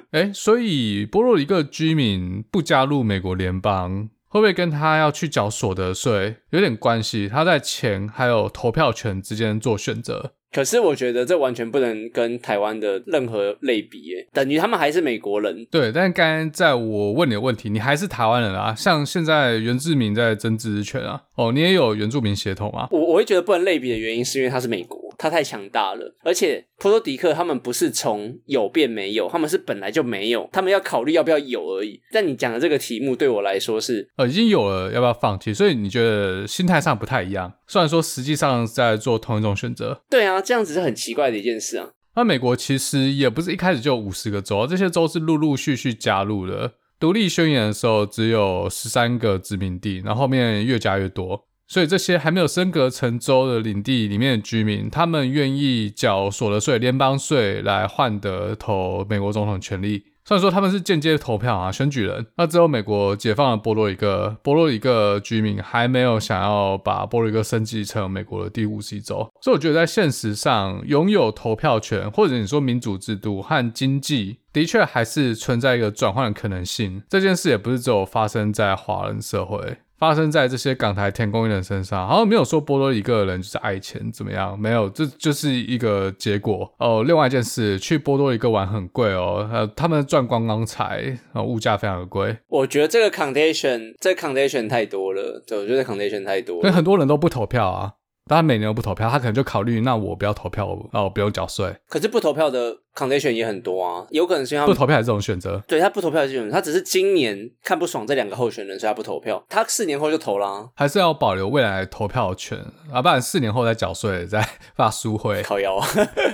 哎、 欸，所以波多黎各居民不加入美國聯邦，會不會跟他要去繳所得稅有點關係？他在錢還有投票權之間做選擇。可是我覺得這完全不能跟台灣的任何類比，欸，等於他們還是美國人。對，但剛剛在我問你的問題，你還是台灣人啊。像現在原住民在爭自治權啊，哦，你也有原住民血統啊。我我會覺得不能類比的原因，是因為他是美國。它太強大了，而且波多黎各他們不是從有變沒有，他們是本來就沒有，他們要考慮要不要有而已。但你講的這個題目對我來說是，呃，已經有了，要不要放棄？所以你覺得心態上不太一樣。雖然說實際上在做同一種選擇。對啊，這樣子是很奇怪的一件事啊。那美國其實也不是一開始就五十個州，這些州是陸陸續續加入的。獨立宣言的時候只有十三個殖民地，然後後面越加越多。所以這些還沒有升格成州的領地裡面的居民，他們願意繳所得稅、聯邦稅來換得投美國總統的權利。雖然說他們是間接投票啊，選舉人。那之後美國解放了波多黎各，波多黎各居民還沒有想要把波多黎各升級成美國的第五十一州。所以我覺得在現實上，擁有投票權或者你說民主制度和經濟，的確還是存在一個轉換的可能性。這件事也不是只有發生在華人社會。發生在這些港台天工人身上，好像沒有說波多黎各的人就是愛錢怎麼樣，沒有，這就是一個結果哦、呃。另外一件事，去波多黎各玩很貴哦，呃，他們賺觀光財，然、呃、後物價非常的貴。我覺得這個 condition 這個 condition 太多了，對，我覺得 condition 太多了。對，很多人都不投票啊，當然每年都不投票，他可能就考慮，那我不要投票哦，然後我不用繳稅。可是不投票的。condition 也很多啊，有可能是因為他不投票還是這種選擇？對，他不投票還是這種選擇，他只是今年看不爽這兩個候選人，所以他不投票。他四年後就投啦、啊，還是要保留未來的投票權啊，不然四年後再繳稅再發書會。靠腰、喔，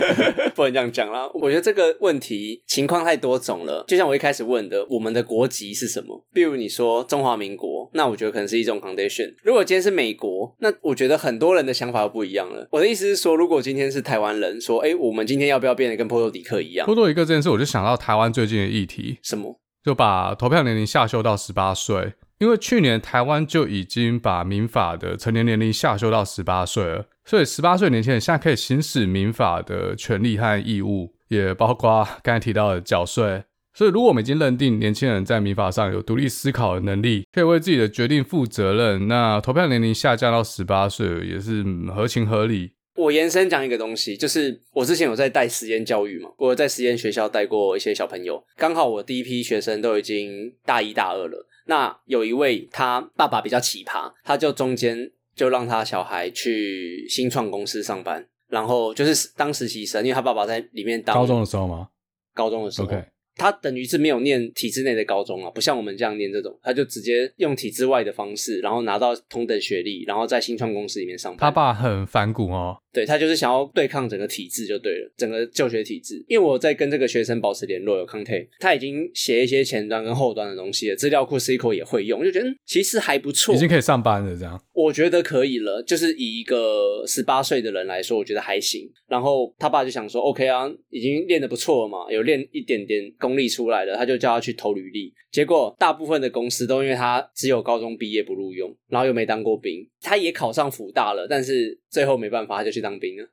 不能這樣講啦。我覺得這個問題情況太多種了，就像我一開始問的，我們的國籍是什麼？比如你說中華民國，那我覺得可能是一種 condition。如果今天是美國，那我覺得很多人的想法都不一樣了。我的意思是說，如果今天是台灣人，說誒、欸、我們今天要不要變得跟波多可以啊，多做一個這件事，我就想到台灣最近的議題。什麼？就把投票年齡下修到十八歲。因為去年台灣就已經把民法的成年年齡下修到十八歲了，所以十八歲年輕人現在可以行使民法的權利和義務，也包括剛才提到的繳稅。所以如果我們已經認定年輕人在民法上有獨立思考的能力，可以為自己的決定負責任，那投票年齡下降到十八歲也是合情合理。我延伸講一個東西，就是我之前有在帶實驗教育嘛，我有在實驗學校帶過一些小朋友，剛好我第一批學生都已經大一、大二了。那有一位他爸爸比較奇葩，他就中間就讓他小孩去新創公司上班，然後就是當實習生，因為他爸爸在裡面當高中的時候，高中的時候嗎？高中的時候、okay. 他等於是沒有念體制內的高中啊，不像我們這樣念這種，他就直接用體制外的方式，然後拿到同等學歷，然後在新創公司裡面上班。他爸很反骨哦。對，他就是想要對抗整個體制，就對了，整個就學體制。因為我在跟這個學生保持聯絡，有 contact，他已經寫一些前端跟後端的東西了，資料庫 SQL 也會用，我就覺得其實還不錯，已經可以上班了這樣。我覺得可以了，就是以一個十八歲的人來說，我覺得還行。然後他爸就想說，OK 啊，已經練得不錯了嘛，有練一點點功力出來了，他就叫他去投履歷。結果大部分的公司都因為他只有高中畢業不錄用，然後又沒當過兵，他也考上輔大了，但是最後沒辦法，他就去。當兵啊，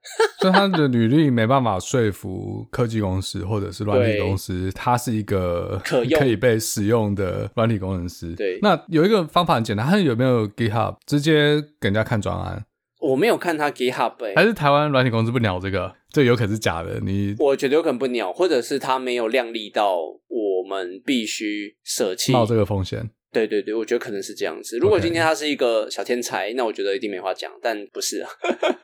所以他的履歷沒辦法說服科技公司或者是軟體公司，他是一個可以被使用的軟體工程師。對，那有一個方法很簡單，他有沒有 GitHub？直接給人家看專案。我沒有看他 GitHub，欸，還是台灣軟體公司不鳥這個？這有可能是假的。你我覺得有可能不鳥，或者是他沒有亮麗到，我們必須捨棄冒這個風險。對對對，我覺得可能是這樣子。如果今天他是一個小天才，Okay. 那我覺得一定沒話講。但不是啊，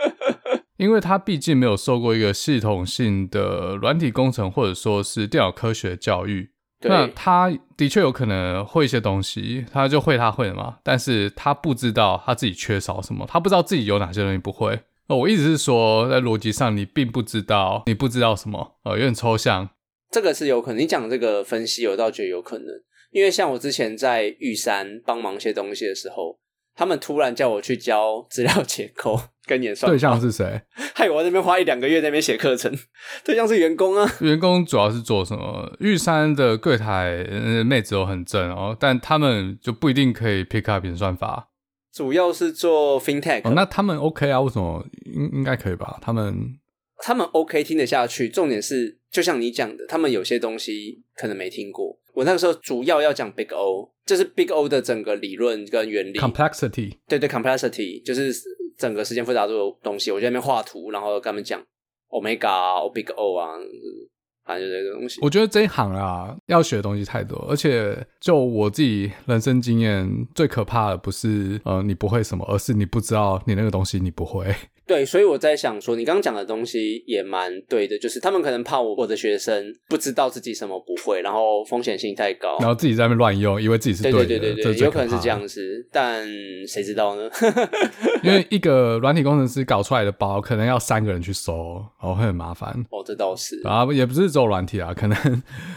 因為他畢竟沒有受過一個系統性的軟體工程或者說是電腦科學教育。對。那他的確有可能會一些東西，他就會他會的嘛。但是他不知道他自己缺少什麼，他不知道自己有哪些東西不會。那我一直是說，在邏輯上你並不知道你不知道什麼，呃有點抽象。這個是有可能，你講這個分析，我倒覺得有可能。因為像我之前在玉山幫忙些東西的時候，他們突然叫我去教資料結構跟演算法，對象是誰？害我在那邊花一兩個月在那邊寫課程。對象是員工啊。員工主要是做什麼？玉山的櫃台、呃、妹子都很正哦，但他們就不一定可以 pick up 演算法。主要是做 FinTech。哦，那他們 OK 啊？為什麼？應應該可以吧？他們他們 OK 聽得下去。重點是，就像你講的，他們有些東西可能沒聽過。我那個時候主要要講 Big O，就是 Big O 的整個理論跟原理，complexity，對對，對，complexity 就是整個時間複雜度的東西。我就在那邊畫圖，然後跟他們講 Omega、啊、O Big O 啊，反正就這個東西。我覺得這一行啊，要學的東西太多，而且就我自己人生經驗，最可怕的不是呃你不會什麼，而是你不知道你那個東西你不會。對，所以我在想說，你剛剛講的東西也蠻對的，就是他們可能怕我或者學生不知道自己什麼不會，然後風險性太高，然後自己在那邊亂用，以為自己是對的，對對對對，對，有可能是這樣子，但誰知道呢？ 因為一個軟體工程師搞出來的包，可能要三個人去收，然後、哦、會很麻煩哦。這倒是啊，也不是只有軟體啊，可能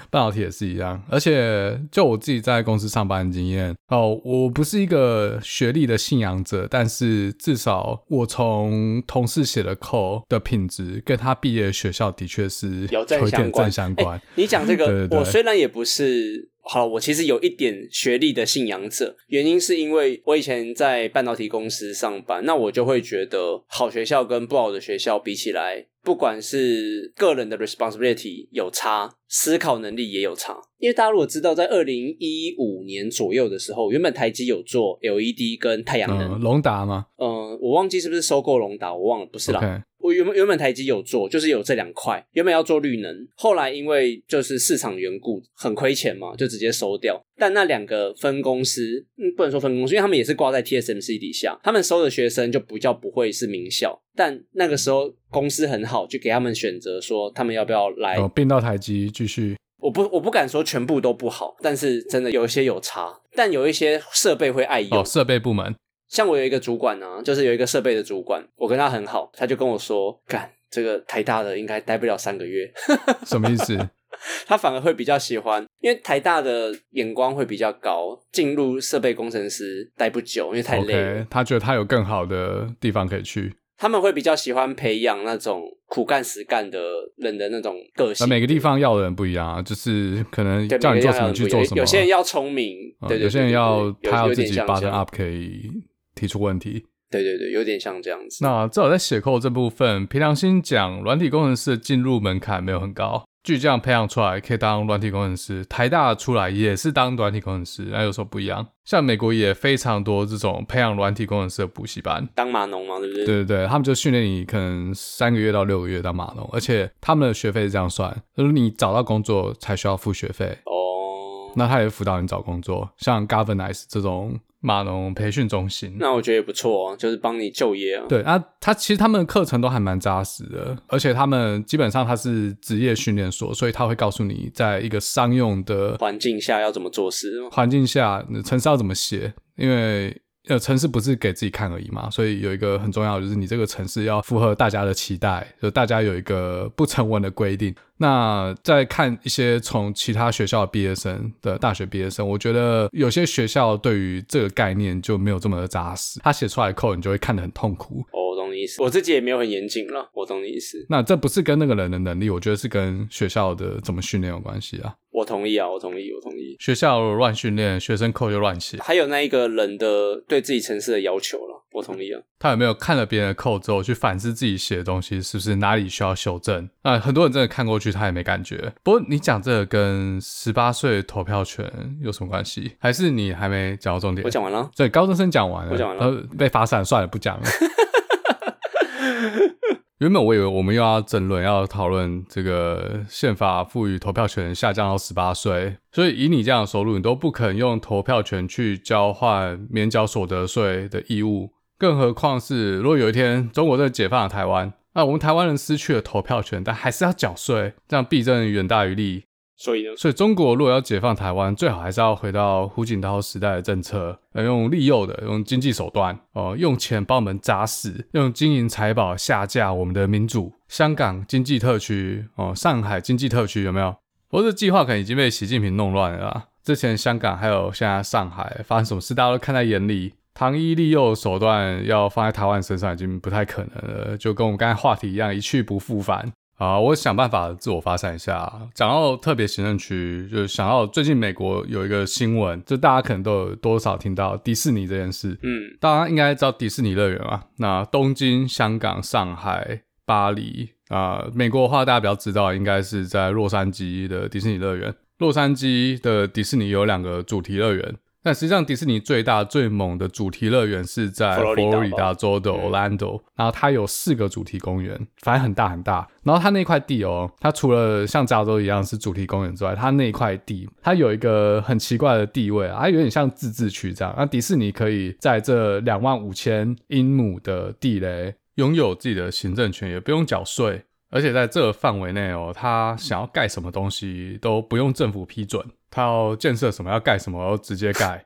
半導體也是一樣。而且就我自己在公司上班的經驗哦，我不是一個學歷的信仰者，但是至少我從同事寫的 code 的品質跟他畢業的學校的確是有點正相關。相關欸欸、你講這個 對對對，我雖然也不是好，我其實有一點學歷的信仰者，原因是因為我以前在半導體公司上班，那我就會覺得好學校跟不好的學校比起來。不管是個人的 responsibility 有差，思考能力也有差。因為大家如果知道，在二零一五年左右的時候，原本台積有做 LED 跟太陽能龍達、呃、嗎？嗯、呃，我忘記是不是收購龍達，我忘了，不是啦。Okay. 我原原本台積有做，就是有這兩塊。原本要做綠能，後來因為就是市場緣故很虧錢嘛，就直接收掉。但那兩個分公司，嗯，不能說分公司，因為他們也是掛在 TSMC 底下，他們收的學生就比較不會是名校。但那個時候公司很好，就給他們選擇說他們要不要來。哦，併到台積繼續。我不我不敢說全部都不好，但是真的有一些有差，但有一些設備會礙眼。哦，設備部門。像我有一個主管呢、啊，就是有一個設備的主管，我跟他很好，他就跟我說：“幹這個台大的應該待不了三個月。”什麼意思？ 他反而會比較喜歡，因為台大的眼光會比較高，進入設備工程師待不久，因為太累了。Okay, 他覺得他有更好的地方可以去。他們會比較喜歡培養那種苦幹實幹的人的那種個性。每個地方要的人不一樣啊，就是可能叫你做什麼去做什麼。有些人要聰明，嗯、對，對，對，對，有些人要他要自己 button up 可以提出問題。對對對，有點像這樣子。那至少在寫扣這部分，憑良心講，軟體工程師的進入門檻沒有很高。巨匠這樣培養出來可以當軟體工程師，台大出來也是當軟體工程師，那有時候不一樣。像美國也非常多這種培養軟體工程師的補習班，當碼農嘛，對不對？對對對，他們就訓練你可能三個月到六個月當碼農，而且他們的學費是這樣算，就是你找到工作才需要付學費。哦、oh...，那他也輔導你找工作，像 Galvanize 這種。碼農培訓中心，那我覺得也不錯哦，就是幫你就業啊。對啊，他其實他們的課程都還蠻扎實的，而且他們基本上他是職業訓練所，所以他會告訴你在一個商用的環境下要怎麼做事，環境下程式要怎麼寫，因為。呃，程式不是給自己看而已嘛，所以有一個很重要，就是你這個程式要符合大家的期待，就大家有一個不成文的規定。那再看一些從其他學校畢業生的大學畢業生，我覺得有些學校對於這個概念就沒有這麼的扎實，他寫出來的 code 你就會看得很痛苦。哦、我懂你意思，我自己也沒有很嚴謹了。我懂你意思。那這不是跟那個人的能力，我覺得是跟學校的怎麼訓練有關係啊。我同意啊，我同意，我同意。學校亂訓練，學生扣就亂寫。還有那一個人的對自己程式的要求了，我同意啊。他有沒有看了別人的扣之後去反思自己寫的東西，是不是哪裡需要修正？啊、呃，很多人真的看過去他也沒感覺。不過你講這個跟十八歲投票權有什麼關係？還是你還沒講到重點？我講完了。對，高中生講完了，我講完了。呃，被罰站算了，不講了。 原本我以為我們又要爭論，要討論這個憲法賦予投票權下降到十八歲。所以以你這樣的收入，你都不肯用投票權去交換免繳所得稅的義務，更何況是如果有一天中國人解放了台灣，那我們台灣人失去了投票權，但還是要繳稅，這樣弊政遠大於利。所以呢，所以中國如果要解放台灣，最好還是要回到胡錦濤時代的政策，用利誘的，用經濟手段，哦、呃，用錢把我們砸死，用金銀財寶下架我們的民主。香港經濟特區，哦、呃，上海經濟特區有沒有？不過這計劃可能已經被習近平弄亂了啦。之前香港還有現在上海發生什麼事，大家都看在眼裡。糖衣利誘手段要放在台灣身上，已經不太可能了，就跟我們剛才話題一樣，一去不復返。啊、呃，我想辦法自我發散一下，講到特別行政區，就是想到最近美國有一個新聞，就大家可能都有多少聽到迪士尼這件事。嗯，大家應該知道迪士尼樂園嘛？那東京、香港、上海、巴黎啊、呃，美國的話大家比較知道，應該是在洛杉磯的迪士尼樂園。洛杉磯的迪士尼有兩個主題樂園。但實際上，迪士尼最大最猛的主題樂園是在佛羅里達州的 Orlando，然後它有四個主題公園，反正很大很大。然後它那塊地哦，它除了像加州一樣是主題公園之外，它那塊地它有一個很奇怪的地位，啊，它有點像自治區這樣。那迪士尼可以在這兩萬五千英畝的地雷擁有自己的行政權，也不用繳稅，而且在這個範圍內哦，它想要蓋什麼東西都不用政府批准。他要建設什麼，要蓋什麼，我要直接蓋。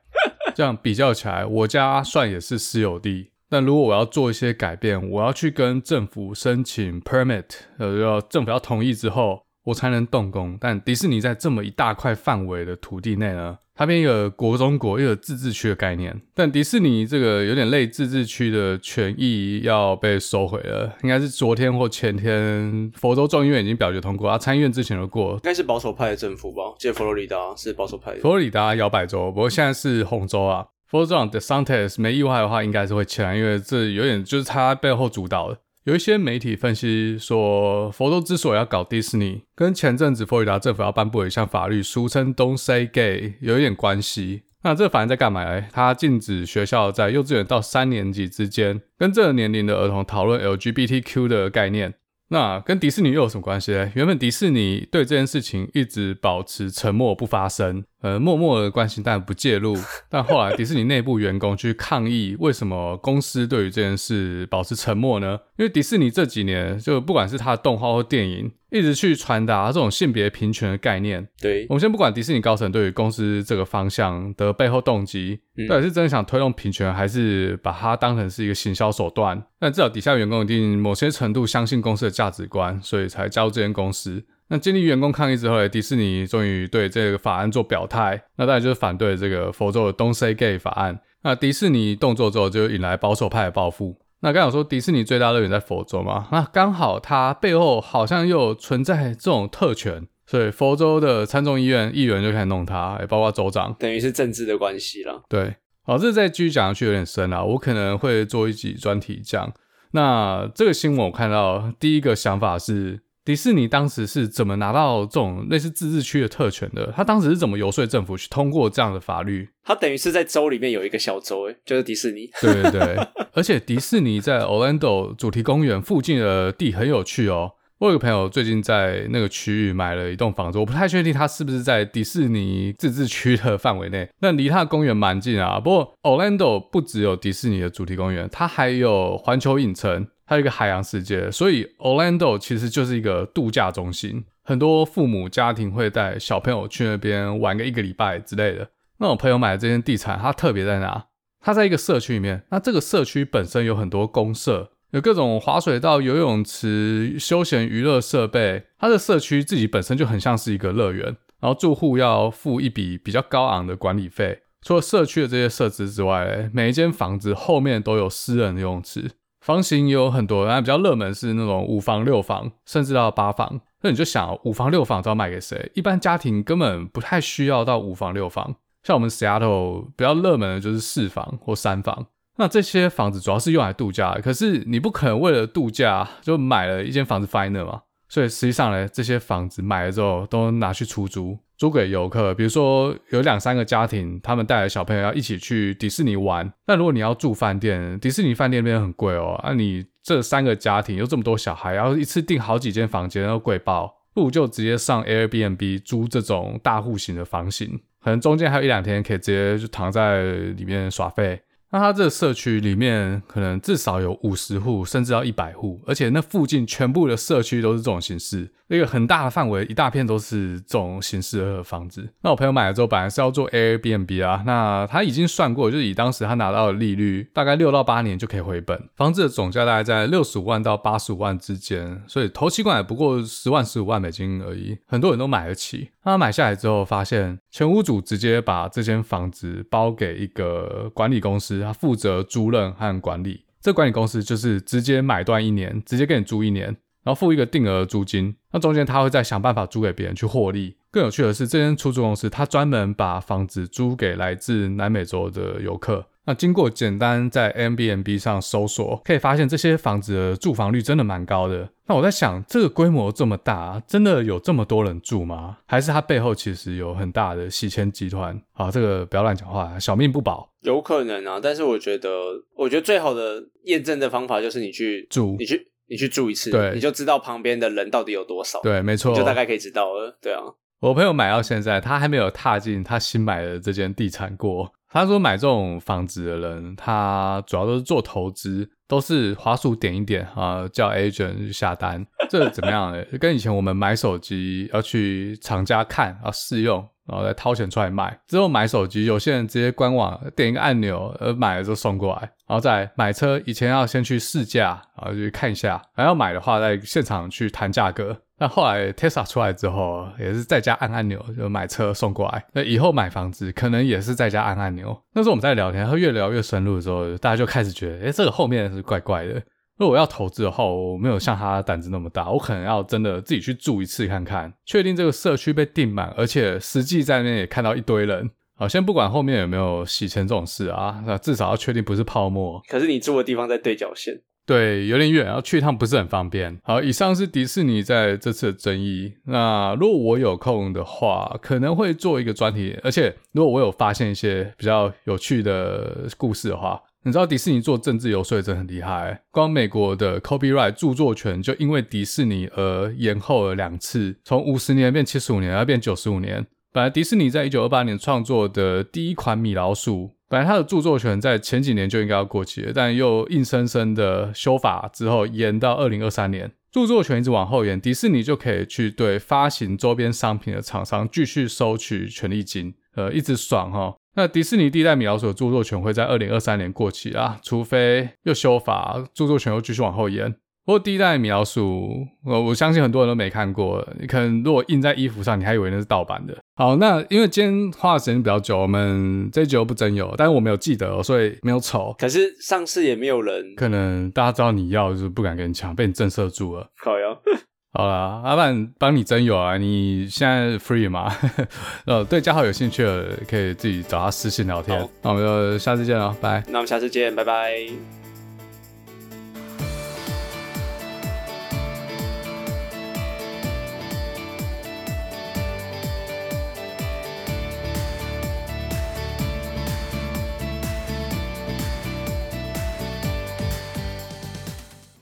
這樣比較起來，我家算也是私有地。但如果我要做一些改變，我要去跟政府申請 permit，呃，要政府要同意之後。我才能動工。但迪士尼在這麼一大塊範圍的土地內呢，它有一個國中國又有自治區的概念。但迪士尼這個有點類自治區的權益要被收回了，應該是昨天或前天佛州眾議院已經表決通過啊，參議院之前都過了，應該是保守派的政府吧。接佛羅里達是保守派的，佛羅里達搖擺州，不過現在是紅州啊。佛州的桑特斯沒意外的話，應該是會簽，因為這有點就是他背後主導的。有一些媒體分析說，佛州之所以要搞迪士尼，跟前陣子佛羅里達政府要頒布一項法律，俗稱 “Don't Say Gay” 有一點關係。那這法案在幹嘛呢？哎，它禁止學校在幼稚園到三年級之間，跟這個年齡的兒童討論 LGBTQ 的概念。那跟迪士尼又有什麼關係？哎，原本迪士尼對這件事情一直保持沉默不發聲。呃，默默的關心，但不介入。但後來，迪士尼內部員工去抗議，為什麼公司對於這件事保持沉默呢？因為迪士尼這幾年，就不管是它的動畫或電影，一直去傳達這種性別平權的概念。對，我們先不管迪士尼高層對於公司這個方向的背後動機，嗯、到底是真的想推動平權，還是把它當成是一個行銷手段。但至少底下員工一定某些程度相信公司的價值觀，所以才加入這間公司。那經歷員工抗議之後呢，來迪士尼終於對這個法案做表態。那當然就是反對這個佛州的 “Don't Say Gay” 法案。那迪士尼動作之後，就引來保守派的報復。那剛剛說迪士尼最大樂園在佛州嘛，那剛好它背後好像又存在這種特權，所以佛州的參眾議院議員就開始弄它，包括州長，等於是政治的關係了。對，好、哦，這再繼續講下去有點深啊。我可能會做一集專題講。那這個新聞我看到，第一個想法是。迪士尼當時是怎麼拿到這種類似自治區的特權的？他當時是怎麼遊說政府去通過這樣的法律？他等於是在州裡面有一個小州，欸，哎，就是迪士尼。 對對對，而且迪士尼在 Orlando 主題公園附近的地很有趣哦。我有個朋友最近在那個區域買了一棟房子，我不太確定他是不是在迪士尼自治區的範圍內，但離他的公園蠻近啊。不過 Orlando 不只有迪士尼的主題公園，它還有環球影城。還有一個海洋世界，所以 Orlando 其實就是一個度假中心，很多父母家庭會帶小朋友去那邊玩個一個禮拜之類的。那我朋友買的這間地產，它特別在哪？它在一個社區裡面，那這個社區本身有很多公設，有各種滑水道、游泳池、休閒娛樂設備，它的社區自己本身就很像是一個樂園。然後住戶要付一筆比較高昂的管理費。除了社區的這些設施之外，每一間房子後面都有私人的游泳池。房型也有很多，但比較熱門的是那種五房、六房，甚至到八房。那你就想，五房、六房，都要賣給誰？一般家庭根本不太需要到五房、六房。像我們 Seattle 比較熱門的就是四房或三房。那這些房子主要是用來度假的，可是你不可能為了度假就買了一間房子放在那嘛。所以實際上呢，這些房子買了之後都拿去出租。租給遊客，比如說有兩三個家庭，他們帶着小朋友要一起去迪士尼玩。那如果你要住飯店，迪士尼飯店那邊很貴哦。那、啊、你這三個家庭有這麼多小孩，然後一次訂好幾間房間，然後貴爆，不如就直接上 Airbnb 租這種大戶型的房型，可能中間還有一兩天可以直接就躺在裡面耍廢。那他這個社區裡面可能至少有五十戶，甚至到一百戶，而且那附近全部的社區都是這種形式，那個很大的範圍一大片都是這種形式的房子。那我朋友買了之後，本來是要做 Airbnb 啊，那他已經算過，就是以當時他拿到的利率，大概六到八年就可以回本。房子的總價大概在六十五萬到八十五萬之間，所以頭期款也不過十萬十五萬美金而已，很多人都買得起。那他買下來之後，發現前屋主直接把這間房子包給一個管理公司，他負責租賃和管理。這個管理公司就是直接買斷一年，直接給你租一年，然後付一個定額租金。那中間他會再想辦法租給別人去獲利。更有趣的是，這間出租公司他專門把房子租給來自南美洲的遊客。那經過簡單在 Airbnb 上搜索，可以發現這些房子的住房率真的蠻高的。那我在想，這個規模這麼大，真的有這麼多人住嗎？還是它背後其實有很大的洗錢集團？啊，這個不要亂講話，小命不保。有可能啊，但是我覺得，我覺得最好的驗證的方法就是你去住，你去你去住一次，對，你就知道旁邊的人到底有多少。對，沒錯哦，就大概可以知道了。對啊，我朋友買到現在，他還沒有踏進他新買的這間地產過。他說買這種房子的人，他主要都是做投資，都是滑鼠點一點啊，叫 agent 去下單，這個，怎麼樣呢？跟以前我們買手機要去廠家看，要試用，然後再掏錢出來買，之後買手機，有些人直接官網點一個按鈕，呃，買了就送過來。然後再買車，以前要先去試駕，然後去看一下，然後要買的話，在現場去談價格。那後來 Tesla 出來之後，也是在家按按鈕就買車送過來。那以後買房子可能也是在家按按鈕。那時候我們在聊天，然後越聊越深入的時候，大家就開始覺得，哎、欸，這個後面是怪怪的。如果要投資的話，我沒有像他膽子那麼大，我可能要真的自己去住一次看看，確定這個社區被訂滿，而且實際在那邊也看到一堆人。好，先不管後面有沒有洗錢這種事啊，至少要確定不是泡沫。可是你住的地方在對角線。對，有點遠，要去一趟不是很方便。好，以上是迪士尼在這次的爭議。那如果我有空的話，可能會做一個專題。而且，如果我有發現一些比較有趣的故事的話，你知道迪士尼做政治遊說也真很厲害。光美國的 copyright 著作權就因為迪士尼而延後了兩次，從五十年變七十五年，再變九十五年。本來迪士尼在一九二八年創作的第一款米老鼠，本來它的著作權在前幾年就應該要過期了，但又硬生生的修法之後延到二零二三年，著作權一直往後延，迪士尼就可以去對發行週邊商品的廠商繼續收取權利金，呃，一直爽哈。那迪士尼第一代米老鼠的著作權會在二零二三年過期啊，除非又修法，著作權又繼續往後延。不過第一代米老鼠，我相信很多人都沒看過，你可能如果印在衣服上，你還以為那是盜版的。好，那因為今天花的時間比較久，我們這一集又不徵友，但是我沒有記得，所以沒有丑。可是上次也沒有人，可能大家知道你要，就是不敢跟你搶，被你震懾住了。好呀， 好啦，阿、啊、板幫你徵友啊，你現在 free 嘛 呃對，嘉豪有興趣的可以自己找他私信聊天。好，好那我們就下次見咯，拜，拜。那我們下次見，拜拜。